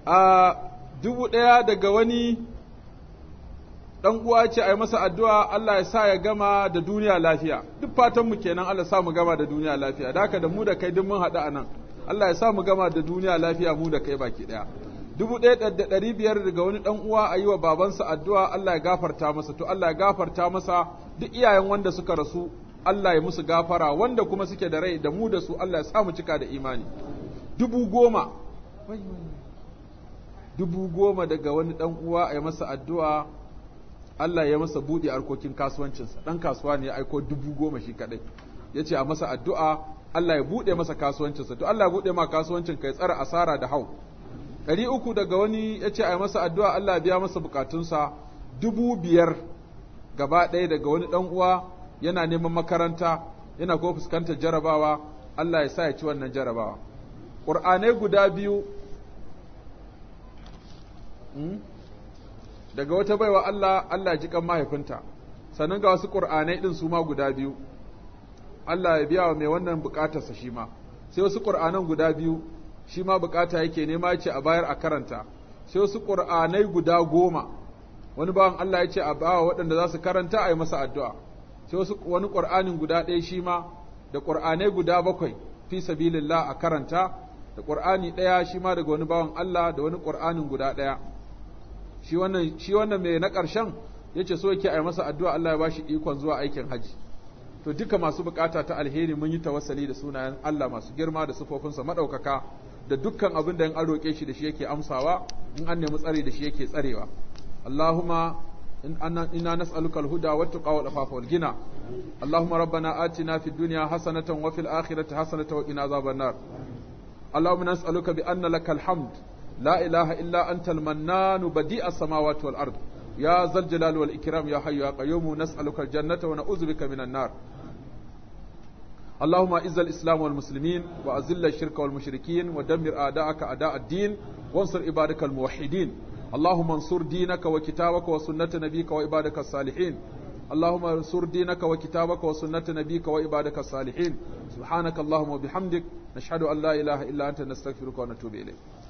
a dubu ɗaya daga wani ɗan uwa ce a yi masa addu'a Allah ya sa ya gama da duniya lafiya duk fatan mu kenan Allah sa mu gama da duniya lafiya da haka da mu da kai duk mun haɗu a nan Allah ya sa mu gama da duniya lafiya mu da kai baki ɗaya dubu ɗaya da ɗari biyar daga wani ɗan uwa a yi wa babansa addu'a Allah ya gafarta masa to Allah ya gafarta masa duk iyayen wanda suka rasu Allah ya musu gafara wanda kuma suke da rai da mu da su Allah ya samu cika da imani dubu goma dubu goma daga wani ɗan uwa a yi masa addu'a Allah ya masa buɗe harkokin kasuwancinsa ɗan kasuwa ne ya aiko dubu goma shi kaɗai ya ce a masa addu'a Allah ya buɗe masa kasuwancinsa to Allah ya buɗe ma kasuwancin ka ya tsara asara da hau ɗari uku daga wani ya ce a yi masa addu'a Allah biya masa bukatunsa dubu biyar gaba ɗaya daga wani ɗan uwa yana neman makaranta yana ko fuskantar jarabawa Allah ya sa ya ci wannan jarabawa ƙur'anai guda biyu hmm, daga wata baiwa Allah Allah ya ji kan mahaifinta sannan ga wasu ƙur'anai ɗin su ma guda biyu Allah ya biya wa mai wannan bukatarsa shi ma sai wasu ƙur'anan guda biyu shi ma bukata yake nema yace a bayar a karanta sai wasu ƙur'anai guda goma wani bawan Allah ya a bawa waɗanda za su karanta ayi yi masa addu'a sai su wani ƙur'anin guda ɗaya shi ma da ƙur'anai guda bakwai fi sabilillah a karanta da ƙur'ani ɗaya shi ma daga wani bawan Allah da wani ƙur'anin guda ɗaya shi wannan shi wannan mai na ƙarshen yace so yake a yi masa addu'a Allah ya bashi ikon zuwa aikin haji to duka masu bukata ta alheri mun yi tawassali da sunayen Allah masu girma da sufofinsa madaukaka da dukkan abin da in an roƙe shi da shi yake amsawa in an nemi tsare da shi yake tsarewa Allahumma inna nas'aluka al-huda wat-tuqa wal-afafa wal-ghina Allahumma rabbana atina fid dunya hasanatan wa fil akhirati hasanatan wa qina adhaban nar Allahumma nas'aluka bi anna lakal hamd la ilaha illa anta al-mannan badi'a as-samawati wal-ard ya zal jalali wal ikram ya hayyu ya qayyum nas'aluka al-jannata wa na'udhu bika minan nar اللهم اعز الاسلام والمسلمين واذل الشرك والمشركين ودمر اعداءك اعداء الدين وانصر عبادك الموحدين اللهم انصر دينك وكتابك وسنه نبيك وعبادك الصالحين اللهم انصر دينك وكتابك وسنة نبيك وعبادك الصالحين سبحانك اللهم وبحمدك نشهد أن لا إله إلا أنت نستغفرك ونتوب إليك